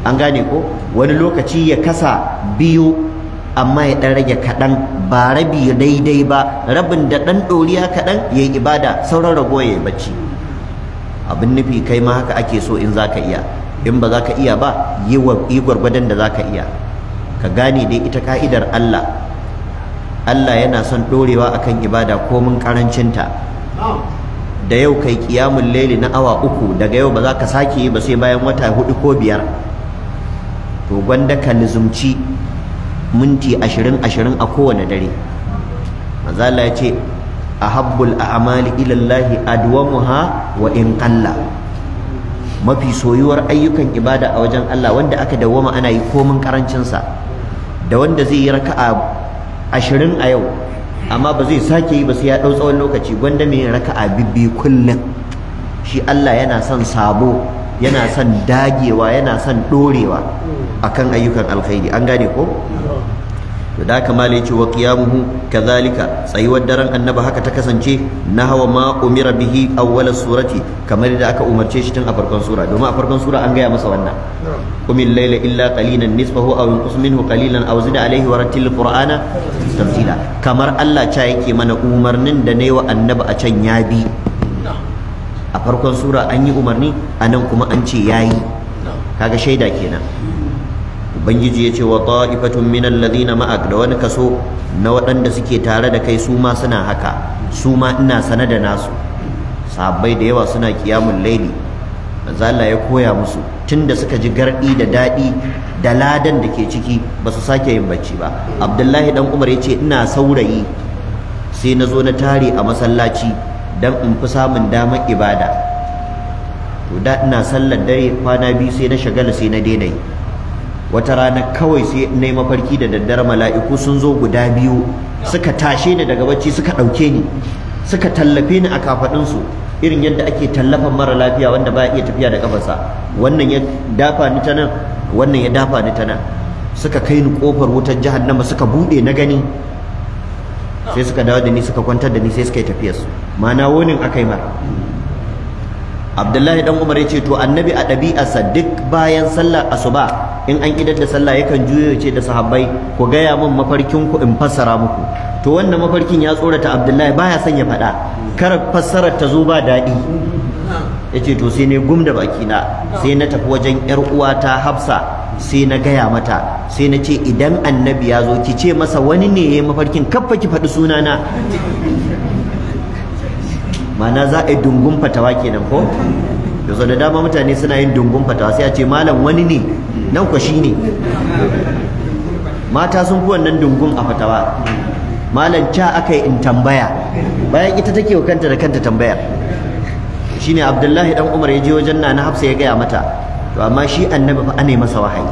an gane ko wani lokaci ya kasa biyu amma ya dan rage kaɗan ba rabi daidai ba rabin da ɗan ɗoriya kaɗan ya yi ibada sauran rago ya yi bacci abin nufi kai ma haka ake so in zaka iya in ba zaka iya ba yi gwargwadon da zaka iya ka gane dai ita ka'idar Allah Allah yana son dorewa akan ibada ko mun karancinta da yau kai ƙiyamun laili na awa uku daga yau ba za ka sake yi ba sai bayan wata hudu ko biyar to gwanda ka nizumci minti ashirin ashirin a kowane dare mazala ya ce ahabbul a'mali ilallahi adwamuha wa in qalla mafi soyuwar ayyukan ibada a wajen Allah wanda aka dawwama ana yi komin karancinsa da wanda zai yi raka'a ashirin a yau amma ba zai sake yi ba sai ya ɗau tsawon lokaci gwanda mai raka'a bibbi kullum shi Allah yana son sabo yana son dagewa yana son ɗorewa akan ayyukan alkhairi an gane ko to da kamar yace wa qiyamuhu kadhalika tsayuwar daren annabi haka ta kasance nahwa ma umira bihi awwala surati kamar da aka umarce shi tun a farkon sura domin a farkon sura an gaya masa wannan qumil layla illa qalilan nisfahu aw yunqus minhu qalilan aw zid alayhi wa rattil qur'ana tamthila kamar Allah cha yake mana umarnin da nayi wa annabi a can ya bi a farkon sura an yi umarni anan kuma an ce yayi kaga shaida kenan Bangiji ya ce wa ta'ifatun min alladhina ma'ak da wani kaso na waɗanda suke tare da kai su ma suna haka su ma ina sane da nasu sahabbai da yawa suna qiyamul layli manzo Allah ya koya musu tunda suka ji garɗi da daɗi da ladan da ke ciki ba su sake yin bacci ba Abdullahi dan Umar ya ce ina saurayi sai na zo na tare a masallaci dan in fi samun damar ibada to da ina sallar dare kwana biyu sai na shagala sai na daidai wata rana kawai sai na yi mafarki da daddare mala'iku sun zo guda biyu suka tashe ni daga bacci suka ɗauke ni suka tallafe ni a kafaɗinsu irin yadda ake tallafan mara lafiya wanda baya iya tafiya da kafarsa wannan ya dafa ni ta nan wannan ya dafa ni ta nan suka kai ni kofar wutar jahannama suka buɗe na gani sai suka dawo da ni suka kwantar da ni sai suka yi tafiyarsu ma'ana wonin aka yi mara Abdullahi dan Umar yace to annabi a ɗabi'arsa duk bayan sallar asuba in an idar da sallah yakan juyo yace da sahabbai ku gaya min mafarkin ku in fassara muku to wannan mafarkin ya tsorata Abdullahi baya son ya faɗa kar fassarar ta zo ba daɗi yace to sai ne gum da baki na sai na tafi wajen yar uwata Hafsa sai na gaya mata sai na ce idan annabi ya zo ki ce masa wani ne ya mafarkin kaffa ki faɗi sunana ma'ana za a yi dungun fatawa kenan ko yanzu da dama mutane suna yin dungun fatawa sai a ce malam wani ne nan kwa shi ne mata sun fi wannan dungun a fatawa malam ca aka yi in tambaya bayan ita take kanta da kanta tambayar shine abdullahi dan umar ya je wajen na hafsa ya gaya mata to amma shi annabi fa ana masa wahayi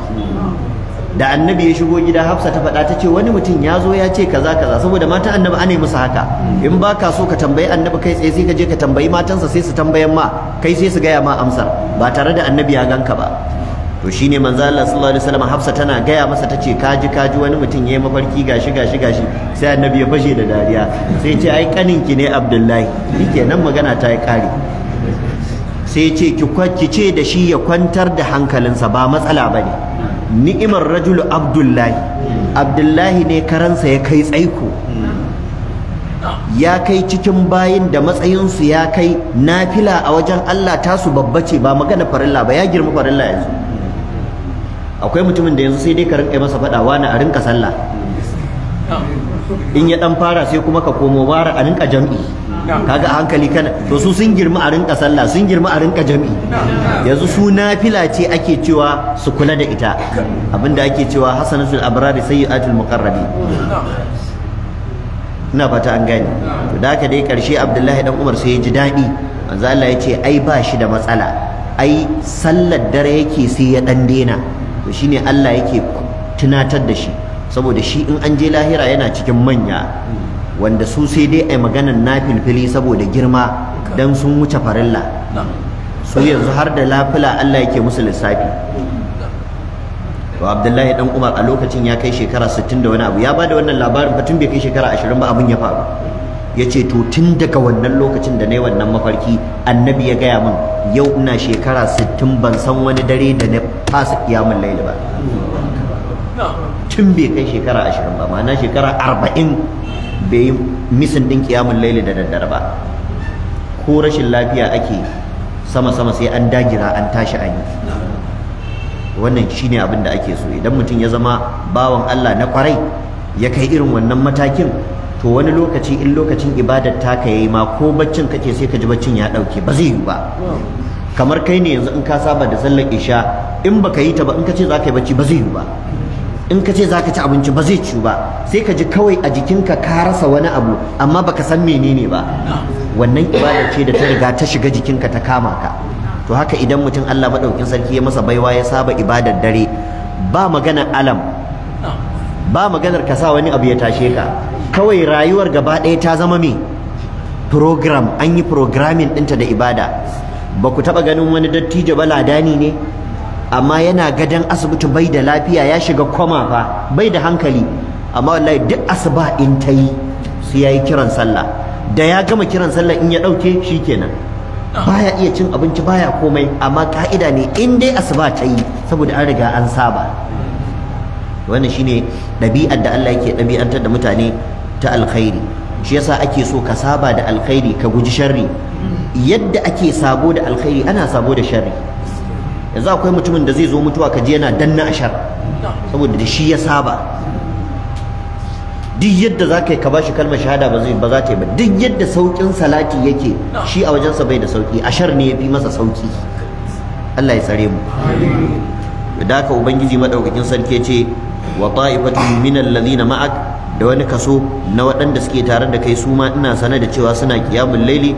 da annabi ya shigo gida hafsa ta faɗa ta ce wani mutum ya zo ya ce kaza kaza saboda mata annabi ana musu haka in ba ka so ka tambayi annabi kai tsaye sai ka je ka tambayi matansa sai su tambayan ma kai sai su gaya ma amsar ba tare da annabi ya ganka ba to shine manzo Allah sallallahu alaihi wasallam hafsa tana gaya masa ta ce kaji kaji wani mutum yayi mafarki gashi gashi gashi sai annabi ya fashe da dariya sai ce ai kaninki ne abdullahi nan magana ta yi kare sai ce ki ce da shi ya kwantar da hankalinsa ba matsala bane ni'imar rajulu abdullahi abdullahi ne karansa ya kai tsaiko ya kai cikin bayin da matsayinsu ya kai nafila a wajen Allah tasu babba ce ba magana farilla ba ya girma farilla yanzu akwai mutumin da yanzu sai dai ka rinka masa faɗawa wani a rinka sallah in ya dan fara sai kuma ka komo bara a rinka jam'i kaga hankali kana to su sun girma a rinka sallah sun girma a rinka jami'i yanzu su nafila ce ake cewa su kula da ita abinda ake cewa hasanatul abrar sayyi'atul muqarrabi ina fata an gani. to da haka dai karshe Abdullahi dan Umar sai ya ji dadi manzo Allah ya ce ai ba shi da matsala ai sallar dare yake sai ya dan dena to shine Allah yake tunatar da shi saboda shi in an je lahira yana cikin manya wanda su sai dai ai na filfili saboda girma dan sun wuce farilla su yanzu har da lafila Allah yake musu lissafi to Abdullahi dan Umar a lokacin ya kai shekara 60 da wani abu ya ba da wannan labarin batun bai kai shekara 20 ba abin ya faru yace to tun daga wannan lokacin da na yi wannan mafarki annabi ya gaya min yau ina shekara 60 ban san wani dare da na fasa kiyamul laili ba tun bai kai shekara ashirin ba ma'ana shekara arba'in bai yi misin ɗin kiyamun laili da daddare ba ko rashin lafiya ake sama-sama sai an dagira an tashi an yi wannan shine abin da ake so idan mutum ya zama bawan Allah na kwarai ya kai irin wannan matakin to wani lokaci in lokacin ibadar ka yi ma ko baccin kake sai ka ji baccin ya dauke ba zai yi ba kamar kai ne yanzu in ka saba da sallar isha in baka yi ta ba in ka ce za ka yi bacci ba zai yi ba in ka ce za ka ci abinci ba zai ciyu ba sai ka ji kawai a jikinka ka rasa wani abu amma ba ka san menene ba wannan ibada ce da ta riga ta shiga jikinka ta kama ka to haka idan mutum Allah madaukin sarki ya masa baiwa ya saba ibadar dare ba maganar alam ba maganar ka sa wani abu ya tashe ka kawai rayuwar gaba ɗaya ta zama me program an yi programming ɗinta da ibada ba ku taɓa ganin wani dattijo ba ladani ne amma yana gadon asibiti bai da lafiya ya shiga kwama fa bai da hankali amma wallahi duk asuba in ta yi su yayi kiran sallah da ya gama kiran sallah in ya ɗauke shi kenan baya iya cin abinci baya komai amma ka'ida ne in dai asuba ta yi saboda an riga an saba wannan shine ɗabi'ar da Allah yake ɗabi'antar da mutane ta alkhairi shi yasa ake so ka saba da alkhairi ka guji sharri yadda ake sabo da alkhairi ana sabo da sharri yanzu akwai mutumin da zai zo mutuwa ka yana danna ashar saboda da shi ya saba duk yadda za ka yi ka ba shi kalmar shahada ba zai ba za ta yi ba duk yadda saukin salati yake shi a wajensa bai da sauki ashar ne ya fi masa sauki Allah ya tsare mu da haka ubangiji madaukakin sarki ya ce wa ta'ifatun min alladhina ma'ak da wani kaso na waɗanda suke tare da kai su ma ina sanar da cewa suna qiyamul laili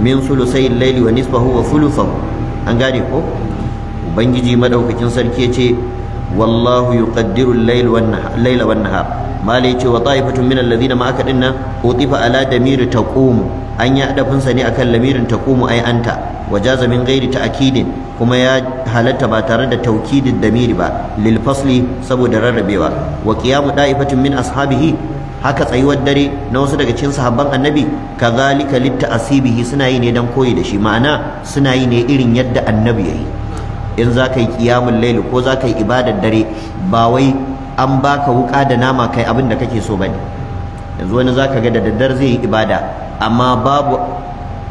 min sulusai laili wa nisfahu wa thuluthahu an gane ko ubangiji madaukakin sarki yace wallahu yuqaddiru al-layla wan layla wan nahar malai yace wa ta'ifatun min alladhina ma'aka dinna utifa ala damiri taqumu an ya adafin sa ne akan lamirin taqumu ai anta wajaza min ghairi ta'kidin kuma ya halatta ba tare da taukidin damiri ba lil fasli saboda rarrabewa wa qiyamu da'ifatun min ashabihi haka tsayuwar dare na wasu daga cikin sahabban annabi kazalika asibihi suna yi ne dan koyi da shi ma'ana suna yi ne irin yadda annabi yayi in za ka yi ƙiyamun laili ko za ka yi ibadar dare ba wai an baka wuƙa da nama kai abin da kake so bane yanzu wani za ka ga da daddare zai yi ibada amma babu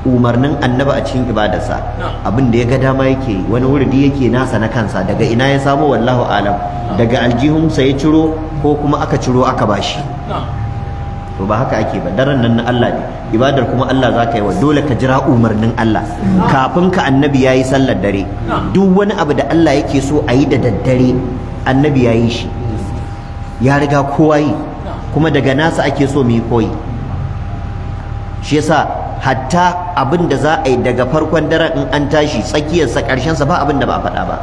umarnin annaba a cikin ibadarsa abin da ya ga dama yake wani wurdi yake nasa na kansa daga ina ya samo wallahu alam daga aljihunsa ya ciro ko kuma aka ciro aka bashi to ba haka ake ba daren nan na Allah ne ibadar kuma Allah za ka yi wa dole ka jira umarnin Allah kafin ka annabi ya yi sallar dare duk wani abu da Allah yake so a yi da daddare annabi ya yi shi ya riga kowa yi kuma daga nasa ake so mu yi koyi shi yasa hatta abin da za a yi daga farkon dare in an tashi tsakiyarsa ƙarshensa ba abin da ba a faɗa ba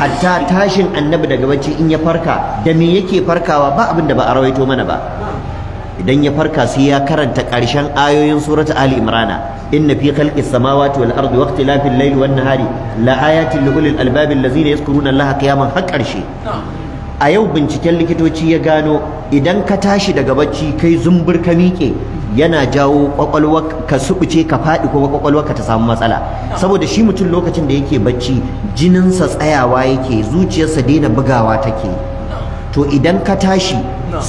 hatta tashin annabi daga bacci in ya farka da me yake farkawa ba abin da ba a rawaito mana ba idan ya farka sai ya karanta ƙarshen ayoyin surata ali imrana inna fi khalqi samawati wal ardi wa al layli wan nahari la ayatin li ulil albab allazina yazkuruna allaha qiyaman har ƙarshe a yau binciken likitoci ya gano idan ka tashi daga bacci kai zumbur ka miƙe yana jawo kwakwalwar ka subuce ka faɗi ko kwakwalwar ka ta samu matsala saboda shi mutum lokacin da yake bacci jinin sa tsayawa yake zuciyarsa daina bugawa take to idan ka tashi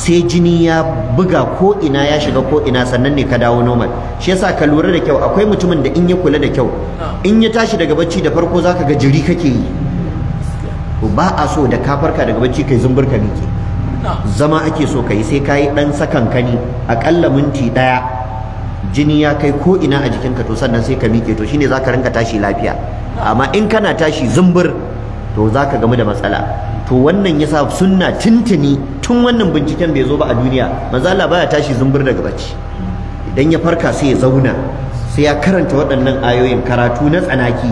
sai jini ya buga ko ina ya shiga ko ina sannan ne ka dawo normal shi yasa ka lura da kyau akwai mutumin da in ya kula da kyau in ya tashi daga bacci da farko zaka ga jiri kake yi ba a so da ka farka daga bacci kai zumburka kake zama ake so kai sai kai dan sakan kani akalla minti daya jini ya kai ko ina a jikinka to sannan sai ka miƙe to shine zaka rinka tashi lafiya amma in kana tashi zumbur to zaka gamu da matsala to wannan yasa sunna tuntuni tun wannan binciken bai zo ba a duniya manzo Allah baya tashi zumbur daga bacci idan ya farka sai ya zauna sai ya karanta waɗannan ayoyin karatu na tsanaki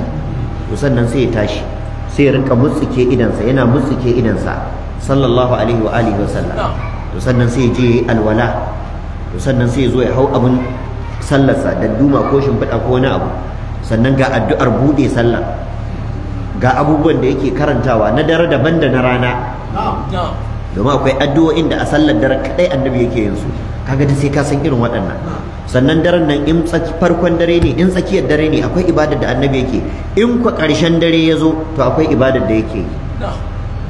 to sannan sai ya tashi sai ya rinka mutsike idansa yana mutsike idansa sallallahu alaihi wa alihi wa sallam to sannan sai ya je alwala to sannan sai ya zo ya hau abin sallarsa da duma ko shimfiɗa ko wani abu sannan ga addu'ar buɗe sallah ga abubuwan da yake karantawa na dare daban da na rana domin akwai addu'o'in da a sallar dare kadai annabi yake yin su kaga da sai ka san irin waɗannan sannan daren nan in farkon dare ne in tsakiyar dare ne akwai ibadar da annabi yake in kwa ƙarshen dare ya zo to akwai ibadar da yake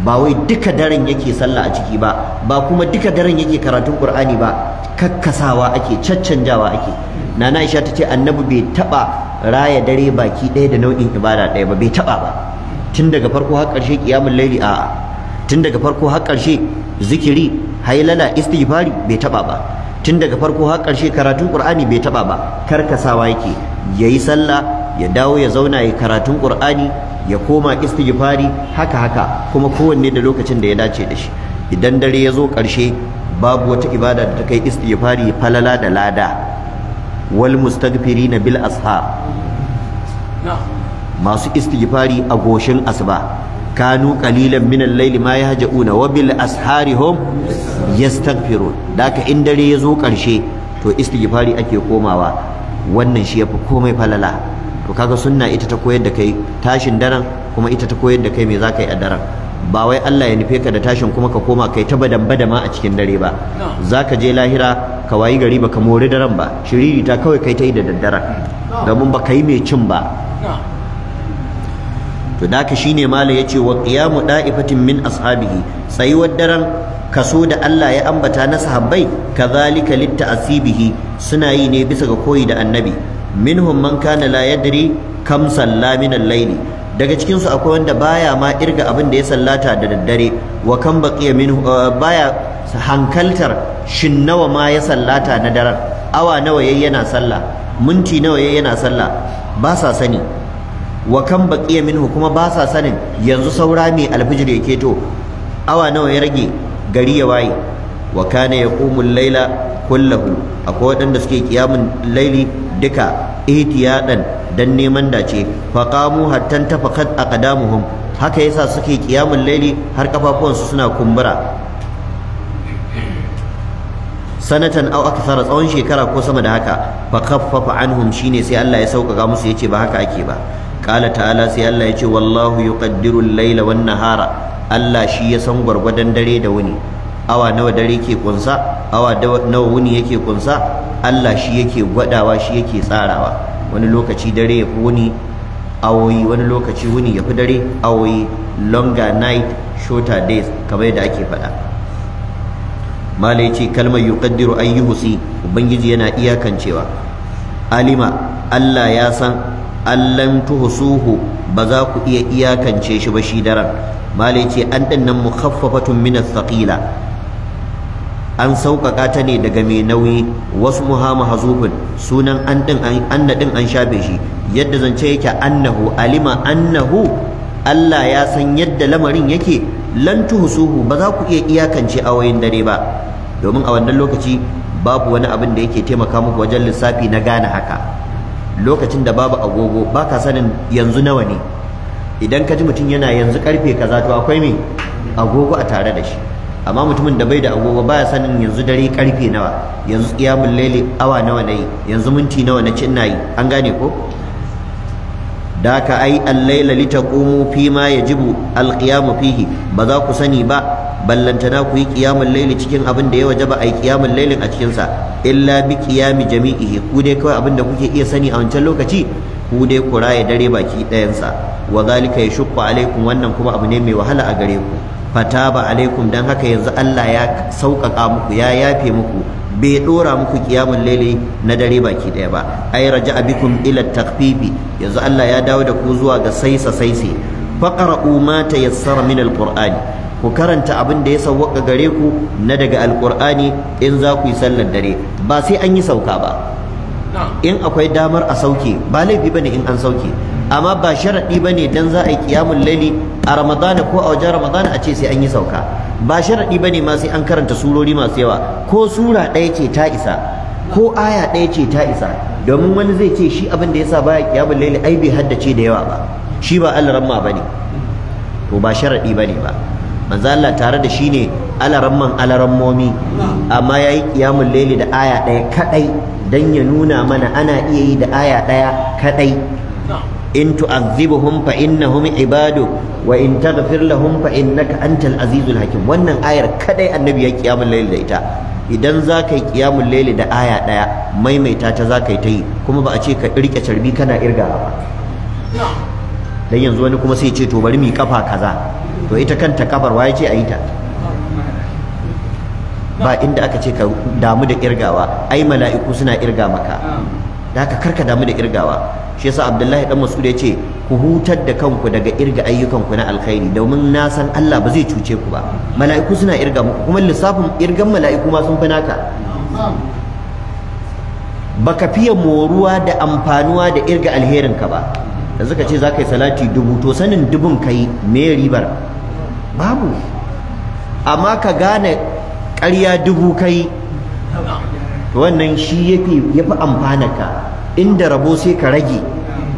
ba wai duka daren yake sallah a ciki ba ba kuma duka daren yake karatun Qur'ani ba kakkasawa ake caccanjawa ake nana Aisha tace annabi bai taba raya dare baki ɗaya da nau'in ibada ɗaya ba bai taba ba tun daga farko har ƙarshe qiyamul laili a tun daga farko har ƙarshe zikiri hailala istighfari bai taba ba tun daga farko har ƙarshe karatun qur'ani bai taba ba karkasawa yake yayi sallah ya dawo ya zauna ya karatun qur'ani ya koma istighfari haka haka kuma kowanne da lokacin da ya dace da shi idan dare ya zo ƙarshe babu wata ibada da ta kai istighfari falala da lada wal mustaghfirina bil ashab masu istighfari a goshin asuba kanu qalilan min al-layli ma yahja'una wa bil asharihum yastaghfirun daka in dare yazo karshe to istighfari ake komawa wannan shi yafi komai falala to kaga sunna ita ta koyar da kai tashin daren kuma ita ta koyar da kai me zaka yi a daren ba wai Allah ya nufe ka da tashin kuma ka koma kai ta badan badama a cikin dare ba zaka je lahira ka wayi gari ba ka mori daren ba shiriri ta kawai kai ta yi da daddaren domin ba kai mai cin ba to daka shine mala yace wa qiyamu da'ifatin min ashabihi tsayuwar daren kaso da Allah ya ambata na sahabbai kadhalika litta'sibihi suna yi ne bisa ga koyi da annabi minhum man kana la yadri kam salla min al daga cikin su akwai wanda baya ma irga abin da ya sallata da daddare wa kan baqiya min uh, baya hankaltar shin nawa ma ya sallata na daren awa nawa yayyana sallah minti nawa yayyana sallah ba sa sani wa kan baqiya minhu kuma ba sa sanin yanzu saura mai alfijir ya keto awa nawa ya rage gari ya waye wa kana yaqumu al-laila kullahu akwai waɗanda suke kiyamun laili duka ihtiyadan dan neman dace fa qamu hatta tafaqat aqdamuhum haka yasa suke kiyamun laili har ƙafafuwansu suna kumbura sanatan aw akthara tsawon shekara ko sama da haka fa khaffafa anhum shine sai Allah ya sauƙaƙa musu yace ba haka ake ba qala ta'ala sai Allah ya ce wallahu ya al-laila wan nahara Allah shi ya san gwargwadon dare da wuni awa nawa dare ke kunsa awa nawa wuni yake kunsa Allah shi yake gwadawa shi yake tsarawa wani lokaci dare ya fi wuni awoyi wani lokaci wuni ya fi dare awoyi longer night shorter days kamar yadda ake faɗa ya ce kalmar yuqaddiru ayyuhusi ubangiji yana iyakancewa alima Allah ya san allan suhu. ba za ku iya iyakance shi ba shi daren malai ce an din nan mukhaffafatun minas saƙila an sauƙaƙa ta ne daga mai nauyi wasu muhamma hazufin sunan an din an shafe shi yadda zance yake annahu alima annahu Allah ya san yadda lamarin yake lan suhu ba za ku iya iyakance a wayin dare ba domin a wannan lokaci babu wani abin da yake taimaka muku wajen lissafi na gane haka lokacin da babu agogo baka sanin yanzu nawa ne idan ka ji mutum yana yanzu karfe kaza to akwai me agogo a tare da shi amma mutumin da bai da agogo baya sanin yanzu dare karfe nawa yanzu qiyamul layli awa nawa yi, yanzu minti nawa na cin yi, an gane ko daka ai al-layla litaqumu fi ma yajibu al-qiyamu fihi ba za ku sani ba ballantana ku yi qiyamul laili cikin abin da ya waje ba a yi qiyamul lailin a cikin sa illa bi kiyami jami'ihi ku dai kawai abin da kuke iya sani a wancan lokaci ku dai ku raye dare baki ɗayansa. sa wa zalika yashqu alaikum wannan kuma abu ne mai wahala a gare ku Fata fataba alaikum dan haka yanzu Allah ya sauƙaƙa muku ya yafe muku bai dora muku kiyamul laili na dare baki daya ba ai raja'a bikum ila takfifi yanzu Allah ya dawo da ku zuwa ga saisa saisi faqra'u ma tayassara min alqur'ani ku karanta abin da ya sauka gare ku na daga alkur'ani in za ku yi sallar dare ba sai an yi sauka ba in akwai damar a sauke ba laifi bane in an sauke amma ba sharadi bane dan za a yi qiyamul laili a ramadana ko a wajen ramadana a ce sai an yi sauka ba sharadi bane ma sai an karanta surori masu yawa ko sura ɗaya ce ta isa ko aya ɗaya ce ta isa domin wani zai ce shi abin da yasa baya qiyamul laili ai bai haddace da yawa ba shi ba Allah ramma bane to ba sharadi bane ba manzo Allah tare da shi ne alaran momi amma yayi qiyamul laili da aya ɗaya kadai dan ya nuna mana ana iya yi da aya ɗaya kadai in tu'azzibuhum fa innahum ibadu wa in taghfir lahum fa innaka antal azizul hakim wannan ayar kadai annabi ya qiyamul laili da ita idan za ka qiyamul laili da aya ɗaya maimaita ta za ka ta yi kuma ba a ce ka irke carbi kana irgawa ba dan yanzu wani kuma sai ce to bari mu kafa kaza to ita kanta kafar waye ce a yi ta ba inda aka ce ka damu da irgawa ai mala'iku suna irga maka da haka karka damu da irgawa shi yasa Abdullahi dan Mas'ud ya ce ku hutar da kanku daga irga ayyukanku na alkhairi domin na san Allah ba zai cuce ku ba mala'iku suna irga muku kuma lissafin irgan mala'iku ma sun fi naka baka fiye moruwa da amfanuwa da irga alherin ka ba yanzu ka ce za ka yi salati dubu to sanin dubun ka yi me ribar babu amma ka gane ƙarya dubu ka yi wannan shi ya fi amfana ka inda rabo sai ka rage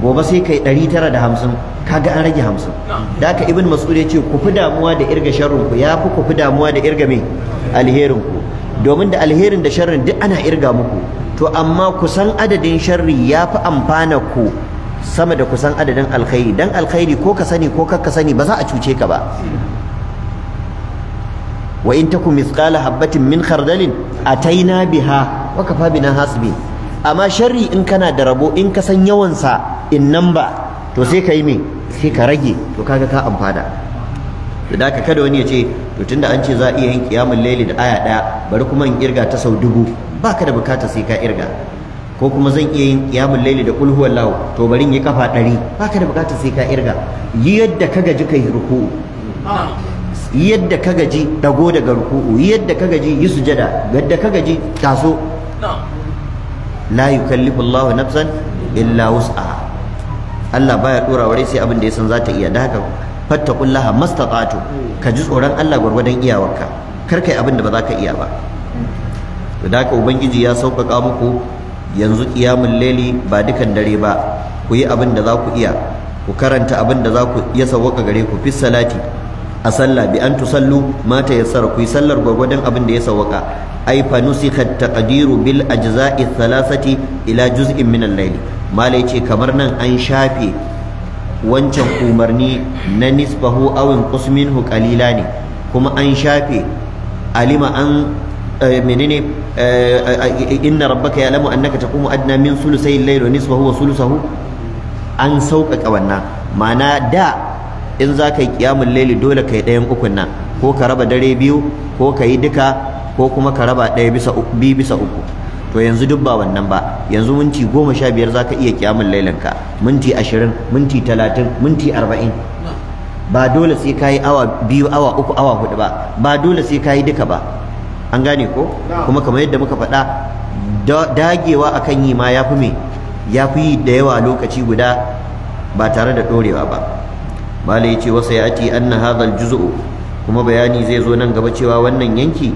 gobe sai ka yi ɗari tara da hamsin kaga an rage hamsin da aka ibn mas'ud ya ce ku fi damuwa da irga sharrinku ya fi ku fi damuwa da irga mai alherinku domin da alherin da sharrin duk ana irga muku to amma kusan adadin sharri ya fi amfana ku sama da kusan adadin alkhairi dan alkhairi ko ka sani ko kaka sani ba za a cuce ka ba wa in takum mithqala habatin min khardalin ataina biha wa kafa bina hasbi amma sharri in kana da rabo in ka san yawan sa in nan ba to sai ka yi me sai ka rage to kaga ka amfana da haka kada wani ya ce to tunda an ce za a iya yin kiyamul laili da aya daya bari kuma in kirga ta sau dubu Ba ka da bukata sai ka irga ko kuma zan iya yin qiyamul layli da qul huwallahu to barin yi kafa ɗari baka da bukatar sai ka irga yi yadda ka gaji kai ruku. yi yadda ka gaji dago daga ruku. yi yadda ka gaji yi sujada yadda ka gaji taso la yukallifu Allahu nafsan illa wus'aha Allah baya dora ware sai abin da ya san zata iya da haka fattaqullaha mastata'tu ka ji tsoron Allah gwargwadon iyawarka kar kai abin da ba za ka iya ba da haka ubangiji ya sauƙaƙa muku yanzu iyamun layli ba dukan dare ba ku yi abin da za iya ku karanta abin da za ku iya sawwaka gare ku fi salati a salla bi an tusallu ma tayassara ku yi sallar gwagwadon abin da ya sawwaka ai fa nusikha taqdiru bil ajza'i salasati ila juz'in min al-layli malai ce kamar nan an shafe wancan umarni na nisbahu awin qisminhu qalila ne kuma an shafe alima an Eh, menene eh, eh, inna rabbaka ya'lamu annaka taqumu adna min sulusai al-layl wa nisfahu wa sulusahu an sauƙaƙa wannan ma'ana da in za ka yi ƙiyamun laili dole ka yi ɗayan ukun nan ko ka raba dare biyu ko ka yi duka ko kuma ka raba ɗaya bisa uku bi bisa uku to yanzu duk ba wannan ba yanzu minti goma sha biyar za ka iya ƙiyamun laylanka ka minti ashirin minti talatin minti arba'in ba dole sai ka yi awa biyu awa uku awa hudu ba ba dole sai ka yi duka ba an gane ko kuma kamar yadda muka faɗa dagewa a kan yi ma ya fi yi da yawa lokaci guda ba tare da ɗorewa ba Bala ya ce wasa ya ati anna hadhal juzu'u kuma bayani zai zo nan gaba cewa wannan yanki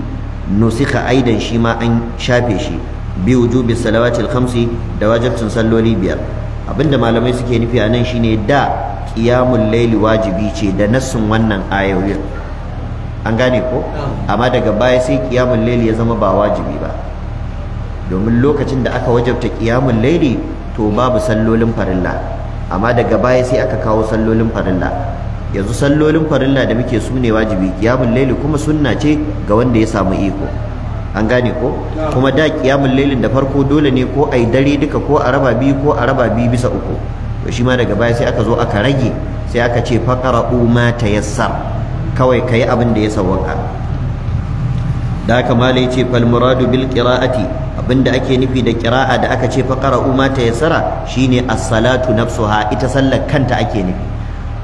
nusika aidan shi ma an shafe shi bi wujubi salawatil khamsi da wajibcin salloli biyar abinda malamai suke nufi a nan shine da qiyamul laili wajibi ce da nassin wannan ayoyin an gane ko ah. amma daga baya sai kiyamun laili ya zama ba wajibi ba domin lokacin da aka wajabta kiyamun laili to babu sallolin farilla amma daga baya sai aka kawo sallolin farilla yanzu sallolin farilla da muke su ne wajibi kiyamun laili kuma sunna ce ga wanda ya samu iko an gane ko ah. kuma da kiyamun lailin da farko dole ne ko ai dare duka ko a raba biyu ko a raba biyu bisa uku to shi ma daga baya sai aka zo aka rage sai aka ce faqra'u ma tayassar kawai ka yi abin da ya sawwaka da haka malai ce Falmuradu bil qira'ati abinda ake nufi da qira'a da aka ce uma ta ma shi shine a salatu nafsuha ita sallar kanta ake nufi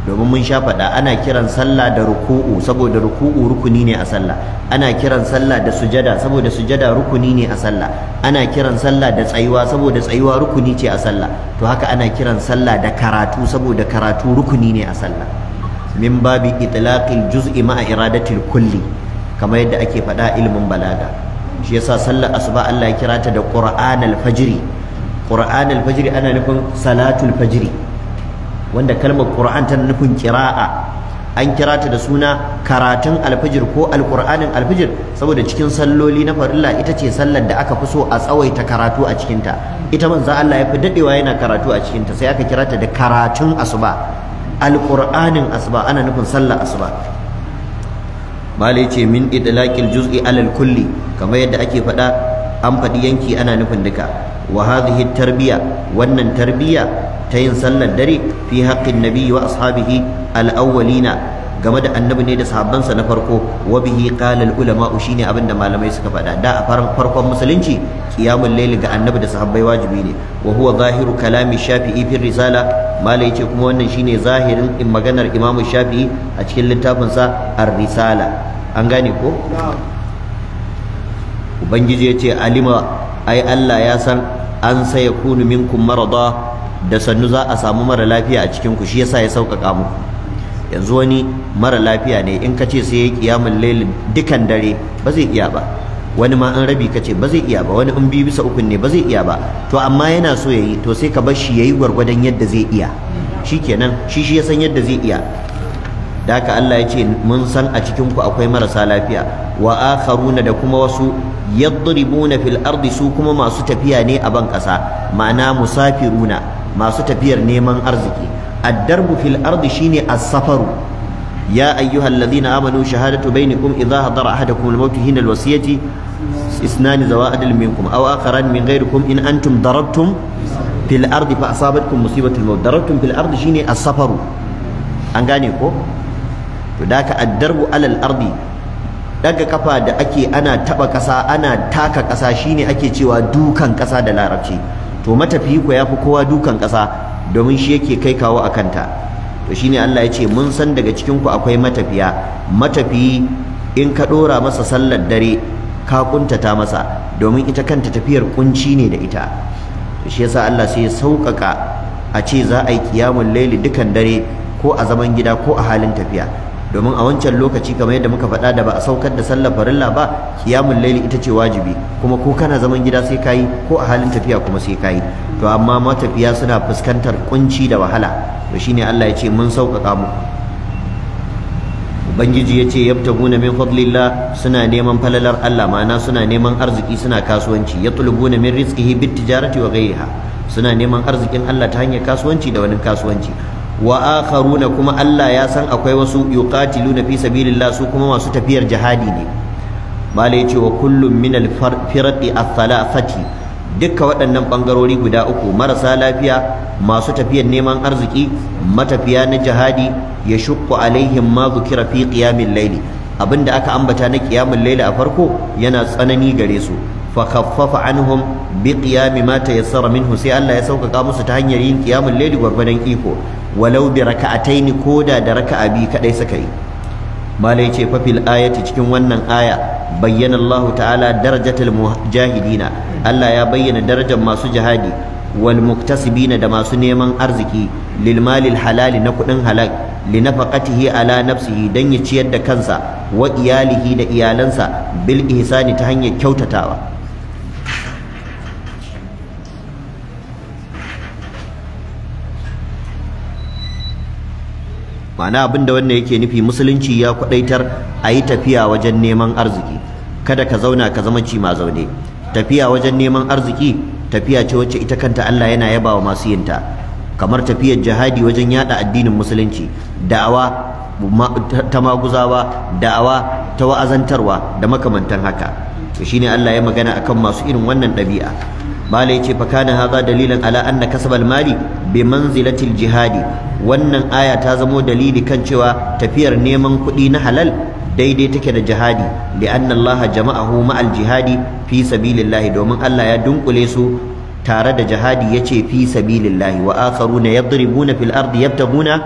domin mun sha faɗa ana kiran sallah da ruku'u saboda ruku'u rukuni ne a sallah ana kiran sallah da sujada saboda sujada rukuni ne a sallah ana kiran sallah da tsayuwa saboda tsayuwa rukuni ce a sallah to haka ana kiran sallah da karatu saboda karatu rukuni ne a sallah min babi itlaqil juz'i ma'a iradatil kulli kamar yadda ake faɗa ilimin balaga shi yasa sallar asuba Allah ya kira ta da qur'anul fajri qur'anul fajri ana nufin salatul fajri wanda kalmar qur'an tana nufin qira'a an kira ta da suna karatun alfijir ko alqur'anin alfijir saboda cikin salloli na farilla ita ce sallar da aka fi so a tsawaita karatu a cikinta ita manzo Allah ya fi dadewa yana karatu a cikinta sai aka kira ta da karatun asuba Alƙur'anin asuba ana nufin sallar asuba Bale ce min idlaqil juz'i alal kulli kamar yadda ake faɗa an faɗi yanki ana nufin duka wa hadhihi tarbiya wannan tarbiya ta yin sallar dare fi haqqin nabiyyi wa ashabihi al-awwalina game da annabi ne da sahabbansa na farko wa bihi qala al ulama shine abin da malamai suka faɗa da a farkon musulunci qiyamul layl ga annabi da sahabbai wajibi ne wa huwa zahiru kalami shafi'i fi risala malai yace kuma wannan shine zahirin in maganar imamu shafi'i a cikin littafinsa ar-risala an gane ko ubangiji yace alima ai Allah ya san an sayakunu minkum marada da sannu za a samu mara lafiya a cikin ku shi yasa ya sauƙaƙa muku yanzu wani mara lafiya ne in kace sai yayi kiyamul layl dukan dare ba zai iya ba wani ma an rabi kace ba zai iya ba wani in bi bisa uku ne ba zai iya ba to amma yana so yayi to sai ka bar shi yayi gwargwadon yadda zai iya shikenan shi shi ya san yadda zai iya daka Allah ya ce mun san a cikin ku akwai marasa lafiya wa akharuna da kuma wasu yadribuna fil ardi su kuma masu tafiya ne a ban kasa ma'ana musafiruna masu tafiyar neman arziki ad-darbu fil ardi shine as-safaru ya ayyuhalladhina amanu shahadatu bainakum idha hadara ahadakum al-maut hina al عدل منكم او اخران من غيركم ان انتم ضربتم في الارض فاصابتكم مصيبه الموت ضربتم في الارض شيني السفر an gane ko to daka addarbu alal ardi ɗaga ƙafa da ake ana taɓa ƙasa, ana taka ƙasa, shine ake cewa dukan ƙasa da larabci to matafiyi ko yafi kowa dukan ƙasa domin shi yake kai kawo a kanta to shine Allah ya ce mun san daga cikin ku akwai matafiya matafiyi in ka dora masa sallar dare ka kuntata masa domin ita kanta tafiyar kunci ne da ita to shi yasa Allah sai ya sauƙaƙa a ce za a yi kiyamun laili dukan dare ko a zaman gida ko a halin tafiya domin a wancan lokaci kamar yadda muka faɗa da ba a saukar da sallar farilla ba kiyamul laili ita ce wajibi kuma ko kana zaman gida sai kayi ko a halin tafiya kuma sai kayi to amma matafiya suna fuskantar kunci da wahala to shine Allah ya ce mun sauƙaƙa mu ubangiji ya ce yabtaguna min fadlillah suna neman falalar Allah ma'ana suna neman arziki suna kasuwanci yatlubuna min rizqihi bit tijarati wa ghayriha suna neman arzikin Allah ta hanyar kasuwanci da wani kasuwanci wa akharuna kuma Allah ya san akwai wasu yuqatiluna fi sabilillah su kuma masu tafiyar jihadi ne malai yace wa kullum min al firqi al-thalathati duka waɗannan bangarori guda uku marasa lafiya masu tafiyar neman arziki matafiya na jihadi ya shukku alaihim ma zukira fi qiyamil layli abinda aka ambata na qiyamul layli a farko yana tsanani gare su fa anhum bi qiyami ma tayassara minhu sai Allah ya sauƙaƙa musu ta hanyar yin qiyamul layli gwargwadon iko walau bi raka'ataini koda da raka'a bi kadai saka yi malai ce fa fil ayati cikin wannan aya bayyana Allah ta'ala darajatul mujahidina Allah ya bayyana darajar masu jihadi wal muktasibina da masu neman arziki lil malil halali na kudin halal li nafaqatihi ala nafsihi dan ya ciyar da kansa wa iyalihi da iyalansa bil ihsani ta hanyar kyautatawa ma'ana abin da wannan yake nufi musulunci ya kwadaitar a yi tafiya wajen neman arziki kada ka zauna ka zama ci ma zaune tafiya wajen neman arziki tafiya ce wacce ita kanta Allah yana yabawa masu yin ta. kamar tafiyar jihadi wajen yada addinin musulunci da'awa ta maguzawa da'awa ta wa'azantarwa da makamantan haka shi ne Allah ya magana akan masu irin wannan ɗabi'a mala yace fa kana hadha dalilan ala anna kasabal mali bi manzilatil jihadi wannan aya ta zamo dalili kan cewa tafiyar neman kuɗi na halal daidai take da jihadi li'anna Allah jama'ahu ma'al jihadi fi sabilillahi domin Allah ya dunkule su tare da jihadi yace fi sabilillahi wa akharuna yadribuna fil ardi yabtaguna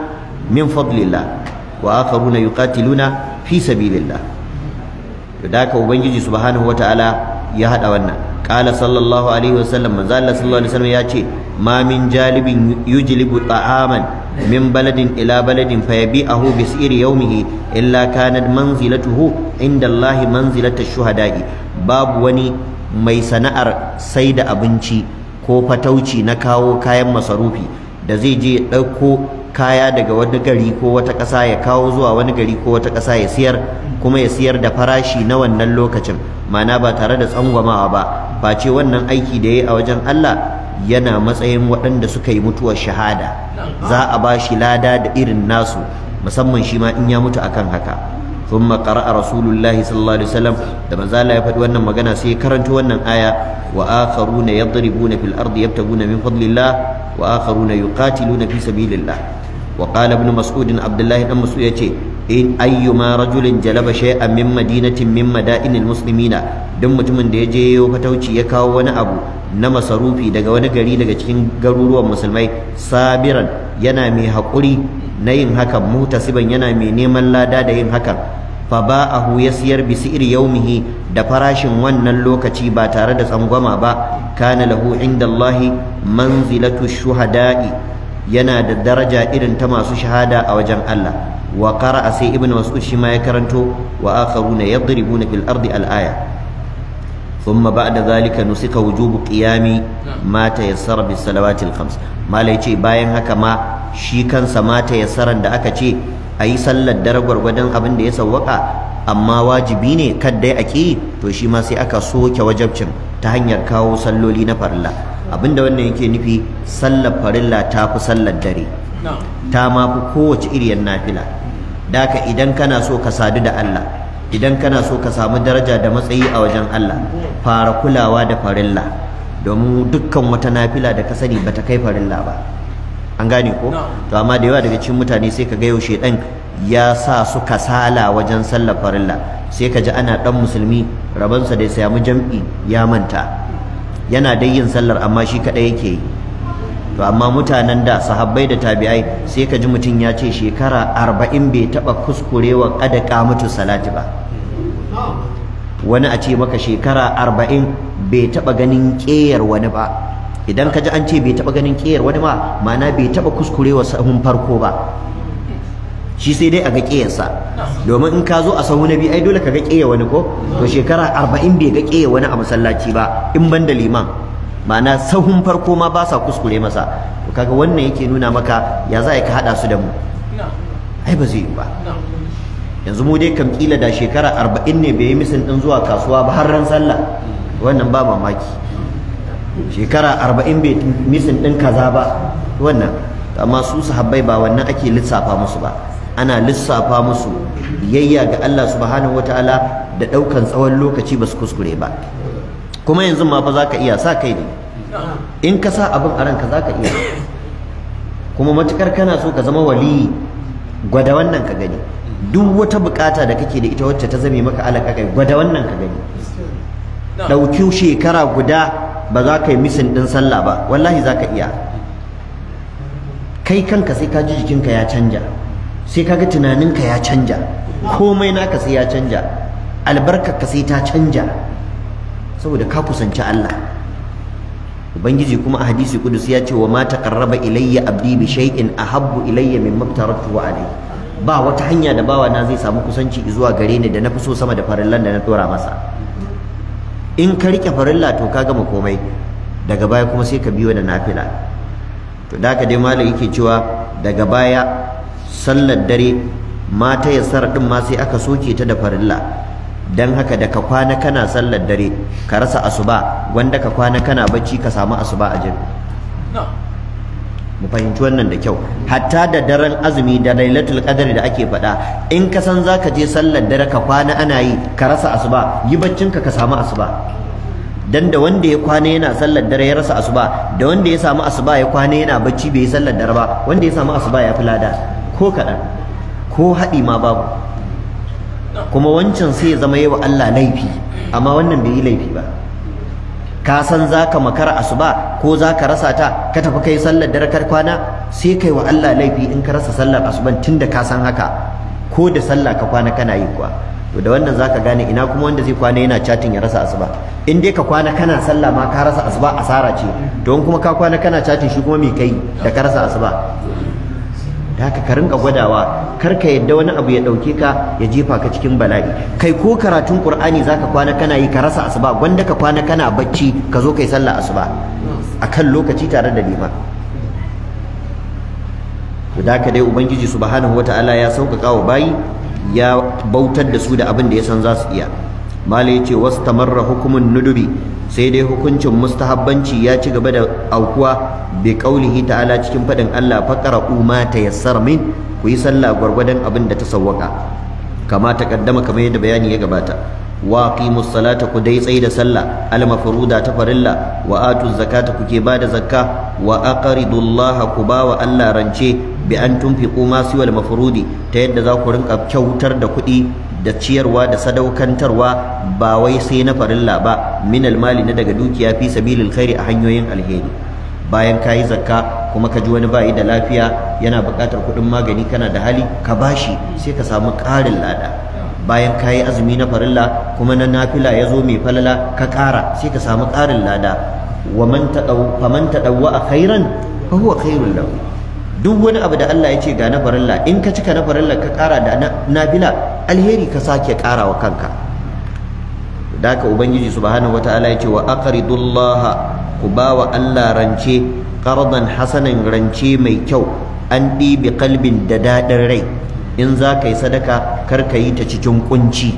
min fadlillah wa akharuna yuqatiluna fi sabilillah to da haka ubangiji subhanahu wataala ya hada wannan qala sallallahu alaihi wasallam manzo Allah sallallahu alaihi ya ce ma min jalibin a ta'aman min baladin ila baladin fayabi'ahu bi siri yawmihi illa kanat manzilatuhu inda Manzila, manzilatu shuhada'i babu wani mai sana'ar sai da abinci ko fatauci na kawo kayan masarufi da zai je ya ɗauko kaya daga wani gari ko wata ƙasa ya kawo zuwa wani gari ko wata ƙasa ya siyar kuma ya siyar da farashi na wannan lokacin ma'ana ba tare da tsangwamawa ba ba ce wannan aiki da yi a wajen Allah yana matsayin waɗanda suka yi mutuwar shahada za a ba shi lada da irin nasu musamman shi ma in ya mutu akan haka thumma qara'a rasulullahi sallallahu alaihi wasallam da maza Allah ya faɗi wannan magana sai karanta wannan aya wa akharuna yadribuna fil ardi yabtaguna min fadlillah wa akharuna yuqatiluna fi sabilillah wa qala ibn abdullahi dan mas'ud ce, in ayyuma rajulin jalaba shay'an min madinatin min madainil muslimina duk mutumin da ya je yayo fatauci ya kawo wani abu na masarufi daga wani gari daga cikin garuruwan musulmai sabiran yana mai haƙuri na yin hakan muhtasiban yana mai neman lada da yin hakan fa ba'ahu ya siyar bi si'ir yaumihi da farashin wannan lokaci ba tare da tsangwama ba kana lahu indallahi manzilatu shuhada'i yana da daraja irin ta masu shahada a wajen Allah wa qara'a sai ibnu mas'ud shi ma ya karanto wa akharuna yadribuna fil ardi al-aya thumma ba'da zalika nusika wujubu qiyami ma tayassara bis salawati al khams malai ce bayan haka ma shi kansa mata tayassaran da aka ce ayi sallar dare gwargwadon abin da ya sawwaka amma wajibi ne kadda ake yi to shi ma sai aka soke wajabcin ta hanyar kawo salloli na farilla abinda wannan yake nufi sallar farilla ta fi sallar dare ta ma fi kowace iriyar nafila daka idan kana so ka sadu da Allah idan kana so ka samu daraja da matsayi a wajen Allah fara kulawa da farilla domin dukkan wata nafila da ka sani bata kai farilla ba an gane ko to amma da yawa daga cikin mutane sai ka ga yaushe dan ya sa su kasala wajen sallar farilla sai ka ji ana dan musulmi rabansa da ya samu jam'i ya manta yana dai yin sallar amma shi kadai yake yi to amma mutanen da sahabbai da tabi'ai sai ka ji mutum ya ce shekara arba'in bai taɓa kuskurewa kada mutu salati ba wani a ce maka shekara arba'in bai taɓa ganin ƙeyar wani ba idan ka ji an ce bai taɓa ganin ƙeyar wani ma ma'ana bai taɓa kuskurewa sahun farko ba shi sai dai a ga ƙeyarsa domin in ka zo a sahun nabi ai dole ka ga ƙeyar wani ko to shekara arba'in bai ga ƙeyar wani a masallaci ba in ban da liman ma'ana sahun farko ma ba sa kuskure masa to kaga wannan yake nuna maka ya za ka hada su da mu ai ba zai yi ba yanzu mu dai kam kila da shekara arba'in ne bai yi misin din zuwa kasuwa ba har ran sallah wannan ba mamaki shekara arba'in bai misin din kaza ba wannan amma su sahabbai ba wannan ake lissafa musu ba ana lissafa musu biyayya ga Allah subhanahu wataala da daukan tsawon lokaci ba su kuskure ba kuma yanzu ma fa zaka iya sa kai ne in ka sa abin a ranka zaka iya kuma matukar kana so ka zama wali gwada wannan ka gani duk wata bukata da kake da ita wacce ta zame maka alaka kai gwada wannan ka gani dauki shekara guda ba za ka yi misin din sallah ba wallahi za ka iya kai kanka sai ka ji jikinka ya canja sai ka ga tunaninka ya canja komai naka sai ya canja ka sai ta canja saboda ka kusanci Allah ubangiji kuma a hadisi kudus ya ce wa mata karraba ilayya abdi bi shay'in ahabbu ilayya mabtaratu wa alayhi ba wata hanya da bawa na zai samu kusanci zuwa gare ni da na fi so sama da farillan da na dora masa in ka rike farilla to ka gama komai daga baya kuma sai ka biyo da nafila to da ka dai malam yake cewa daga baya sallar dare mata ya ɗin din ma sai aka soke ta da farilla dan haka da ka kwana kana sallar dare ka rasa asuba wanda ka kwana kana bacci ka samu asuba a jin mu fahimci wannan da kyau hatta da daren azumi da lailatul qadri da ake faɗa in ka san zaka je sallar dare ka kwana ana yi ka rasa asuba yi baccin ka ka samu asuba dan da wanda ya kwana yana sallar dare ya rasa asuba da wanda ya samu asuba ya kwana yana bacci bai sallar dare ba wanda ya samu asuba ya fi lada ko kaɗan ko haɗi ma babu kuma wancan sai ya zama yawa Allah laifi amma wannan bai yi laifi ba ka san zaka makara asuba ko zaka rasa ta ka tafi kai sallar dare kar kwana sai kai wa Allah laifi in ka rasa sallar asuban tunda ka san haka ko da sallah ka kwana kana yi kuwa to da wannan zaka gane ina kuma wanda zai kwana yana chatting ya rasa asuba in dai ka kwana kana sallah ma ka rasa asuba asara ce don kuma ka kwana kana chatting shi kuma me kai da ka rasa asuba da haka ka rinka gwadawa kar ka yadda wani abu ya dauke ka ya jefa ka cikin bala'i kai ko karatun qur'ani zaka kwana kana yi ka rasa asuba gwanda ka kwana kana bacci ka zo kai sallah asuba akan lokaci tare da lima to da haka dai ubangiji subhanahu wataala ya sauka kawo bayi ya bautar da su da abin da ya san za su iya ce wasu wastamarra hukumin nudubi sai dai hukuncin mustahabbanci ya ci gaba da aukuwa bi qaulihi ala cikin fadin Allah faqra'u ta tayassar min ku yi sallah gwargwadon abin da ta sawwaka kama taqaddama kamar yadda bayani ya gabata wa aqimus salata ku dai tsayi da sallah al ta farilla wa atuz zakata kuke bada zakka wa aqridullaha ku bawa Allah rance bi an tunfiqu ma siwal mafrudi ta yadda za ku rinka kyautar da kuɗi da ciyarwa da sadaukantarwa ba wai sai na farilla ba min almali na daga dukiya fi sabilil khairi a hanyoyin alheri bayan kayi zakka kuma ka ji wani bayi da lafiya yana buƙatar kuɗin magani kana da hali ka bashi sai ka samu ƙarin lada bayan ka yi azumi na farilla kuma na nafila ya zo mai falala ka ƙara sai ka samu ƙarin lada waman taɗauwa a khairan fa huwa lahu duk wani abu da Allah ya ce ga na farilla in ka cika na farilla ka ƙara da nafila alheri ka sake wa kanka da ka ubangiji subhanahu wataala yace wa aqridullaha ku bawa Allah rance qardan hasanan rance mai kyau an ɗibi kalbin da daɗin rai in za ka yi sadaka kar ka yi ta cikin kunci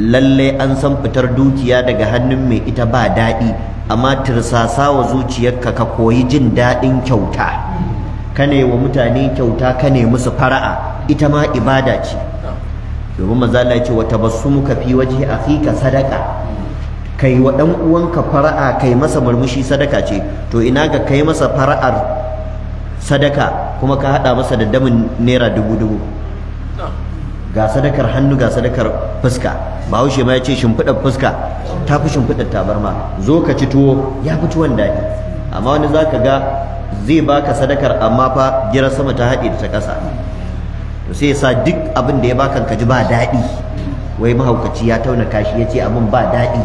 lallai an san fitar dukiya daga hannun mai ita ba daɗi amma tirsasa wa zuciyarka ka koyi jin daɗin kyauta ka wa mutane kyauta ka ne musu fara'a ita ma ibada ce domin manzo Allah ya ce wa muka fi wajhi akhika sadaka? kai wa dan uwanka fara'a kai masa murmushi sadaka ce to ina ga kai masa fara'ar sadaka kuma ka hada masa da damin naira dubu dubu ga sadakar hannu ga sadakar fuska bahaushe ma ya ce shimfidar fuska ta fi tabarma zo ka ci tuwo ya fi tuwon daɗi amma wani za ka ga zai baka sadakar amma fa gira sama ta haɗe da ta ƙasa to sai sa duk abin da ya baka kaji ba dadi. wai mahaukaci ya tauna kashi ya ce abin ba dadi?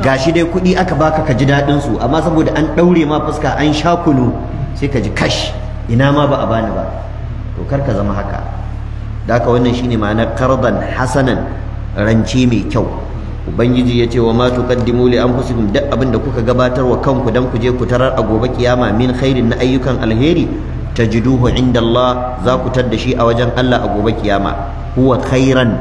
gashi dai kuɗi aka baka ka ji daɗin su amma saboda an daure ma fuska an sha kunu sai ka ji kash ina ma ba a bani ba to kar ka zama haka da wannan shine ma'anar qardan hasanan rance mai kyau ubangiji ya ce wa ma tuqaddimu li anfusikum duk abin da kuka gabatar wa kanku dan ku je ku tarar a gobe kiyama min khairin na ayyukan alheri tajiduhu inda za ku tadda shi a wajen Allah a gobe kiyama huwa khairan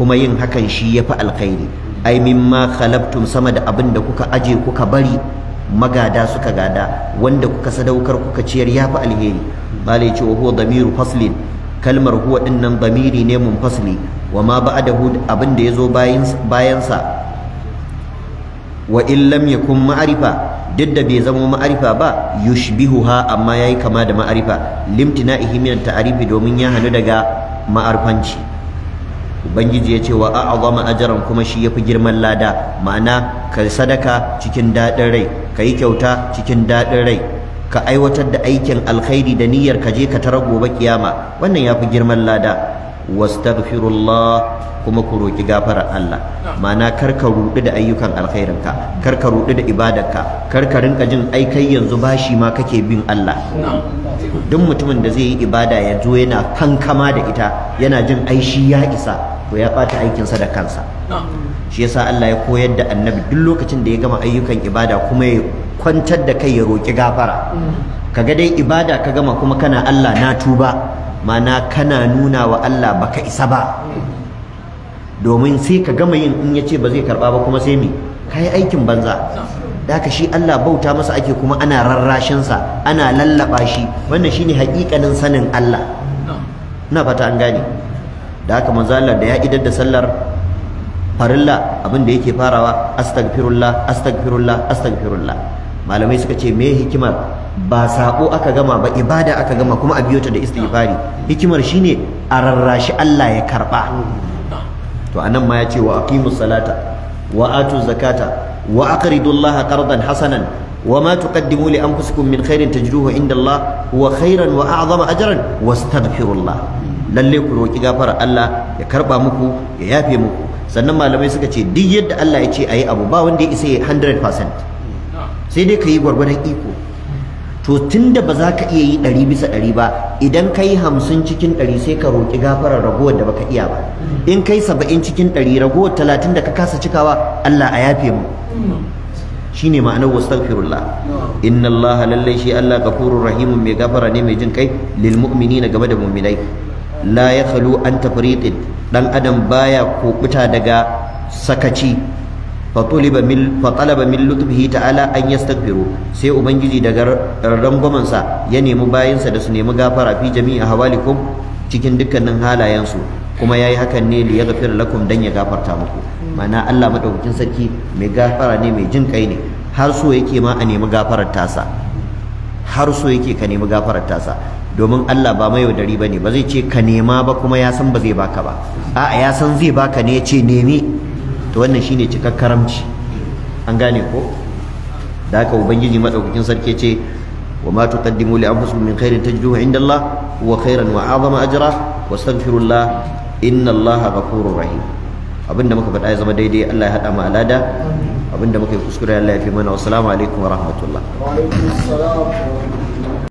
kuma yin hakan shi yafi alkhairi ai mimma khalaqtum sama da abin da kuka aje kuka bari magada suka gada wanda kuka sadaukar kuka ciyar yafi alheri bale ce huwa damiru faslin kalmar huwa din nan damiri ne munfasli wa ma ba'dahu abin da yazo bayan bayansa wa in lam yakun ma'rifa duk da bai zama ma'arifa ba yushbihuha amma ya yi kama da ma'arifa Limti na ihimiyar ta'arifi domin ya hanu daga ma'arfanci ubangiji ya ce wa a'azama ajran kuma shi yafi girman lada ma'ana ka sadaka cikin daɗin rai ka yi kyauta cikin daɗin rai ka aiwatar da aikin alkhairi da niyyar ka je ka tara gobe kiyama wannan yafi girman lada wastaghfirullah kuma ku roki gafarar Allah ma'ana kar ka rudu da ayyukan alkhairinka kar ka rudu da ibadarka kar ka rinka jin ai kai yanzu bashi ma kake bin Allah duk mutumin da zai yi ibada ya zo yana kankama da ita yana jin ai shi ya isa to ya bata aikin sa da kansa shi yasa Allah ya koyar da annabi duk lokacin da ya gama ayyukan ibada kuma ya kwantar da kai ya roki gafara kaga dai ibada ka gama kuma kana Allah na tuba mana kana nuna wa Allah baka isa ba domin sai ka gama yin in yace ba zai karba ba kuma sai me kai aikin banza daka shi Allah bauta masa ake kuma ana rarrashin sa ana lallaba shi wannan shine haƙiƙanin sanin Allah ina fata an gane da haka manzo Allah da ya idar da sallar farilla abin da yake farawa astaghfirullah astaghfirullah astaghfirullah malamai suka ce me hikimar ba saƙo aka gama ba ibada aka gama kuma a biyo ta da istighfari hikimar shine a rarrashi Allah ya karba to anan ma ya ce wa aqimus salata wa atu zakata wa aqridu Allah qardan hasanan وما تقدموا لأنفسكم من خير تجدوه inda Allah, هو خيرا wa أجرا واستغفروا الله lalle ku roki gafarar Allah ya karba muku ya yafe muku sannan malamai suka ce duk yadda Allah ya ce ayi abu ba wanda ya isa 100% sai dai ka yi gwargwadon iko to tunda ba za ka iya yi ɗari bisa ɗari ba idan ka yi hamsin cikin ɗari sai ka roƙi gafarar ragowar da baka iya ba in kai saba'in cikin ɗari ragowar talatin da ka kasa cikawa Allah a yafe mu Shi ne ma'anar wastaghfirullah inna Allah lallai shi Allah gafurur rahimun mai gafara ne mai jin kai lil na game da mu'minai la yakhlu an tafriqin dan adam baya kokuta daga sakaci فطلب من فطلب من لطفه تعالى ان يستغفروا sai ubangiji daga rangwaman sa ya nemi bayin sa da su nemi gafara fi jami'a hawalikum cikin dukkanin halayen su kuma yayi hakan ne li yaghfir lakum dan ya gafarta muku ma'ana Allah madaukakin sarki mai gafara ne mai jin kai ne har so yake ma a nemi gafarar tasa har so yake ka nemi gafarar tasa domin Allah ba mai yaudari bane ba zai ce ka nema ba kuma ya san ba zai baka ba a'a ya san zai baka ne ya ce nemi to wannan shine cikar karamci an gane ko da haka ubangiji madaukakin sarki ce wa ma tuqaddimu li anfusikum min khairin tajiduhu inda Allah huwa khairan wa azama ajra wastaghfirullah inna Allah ghafurur rahim abinda muka faɗa ya zama daidai Allah ya hada mu alada abinda muka yi kuskure Allah ya fi mana wassalamu alaikum wa rahmatullah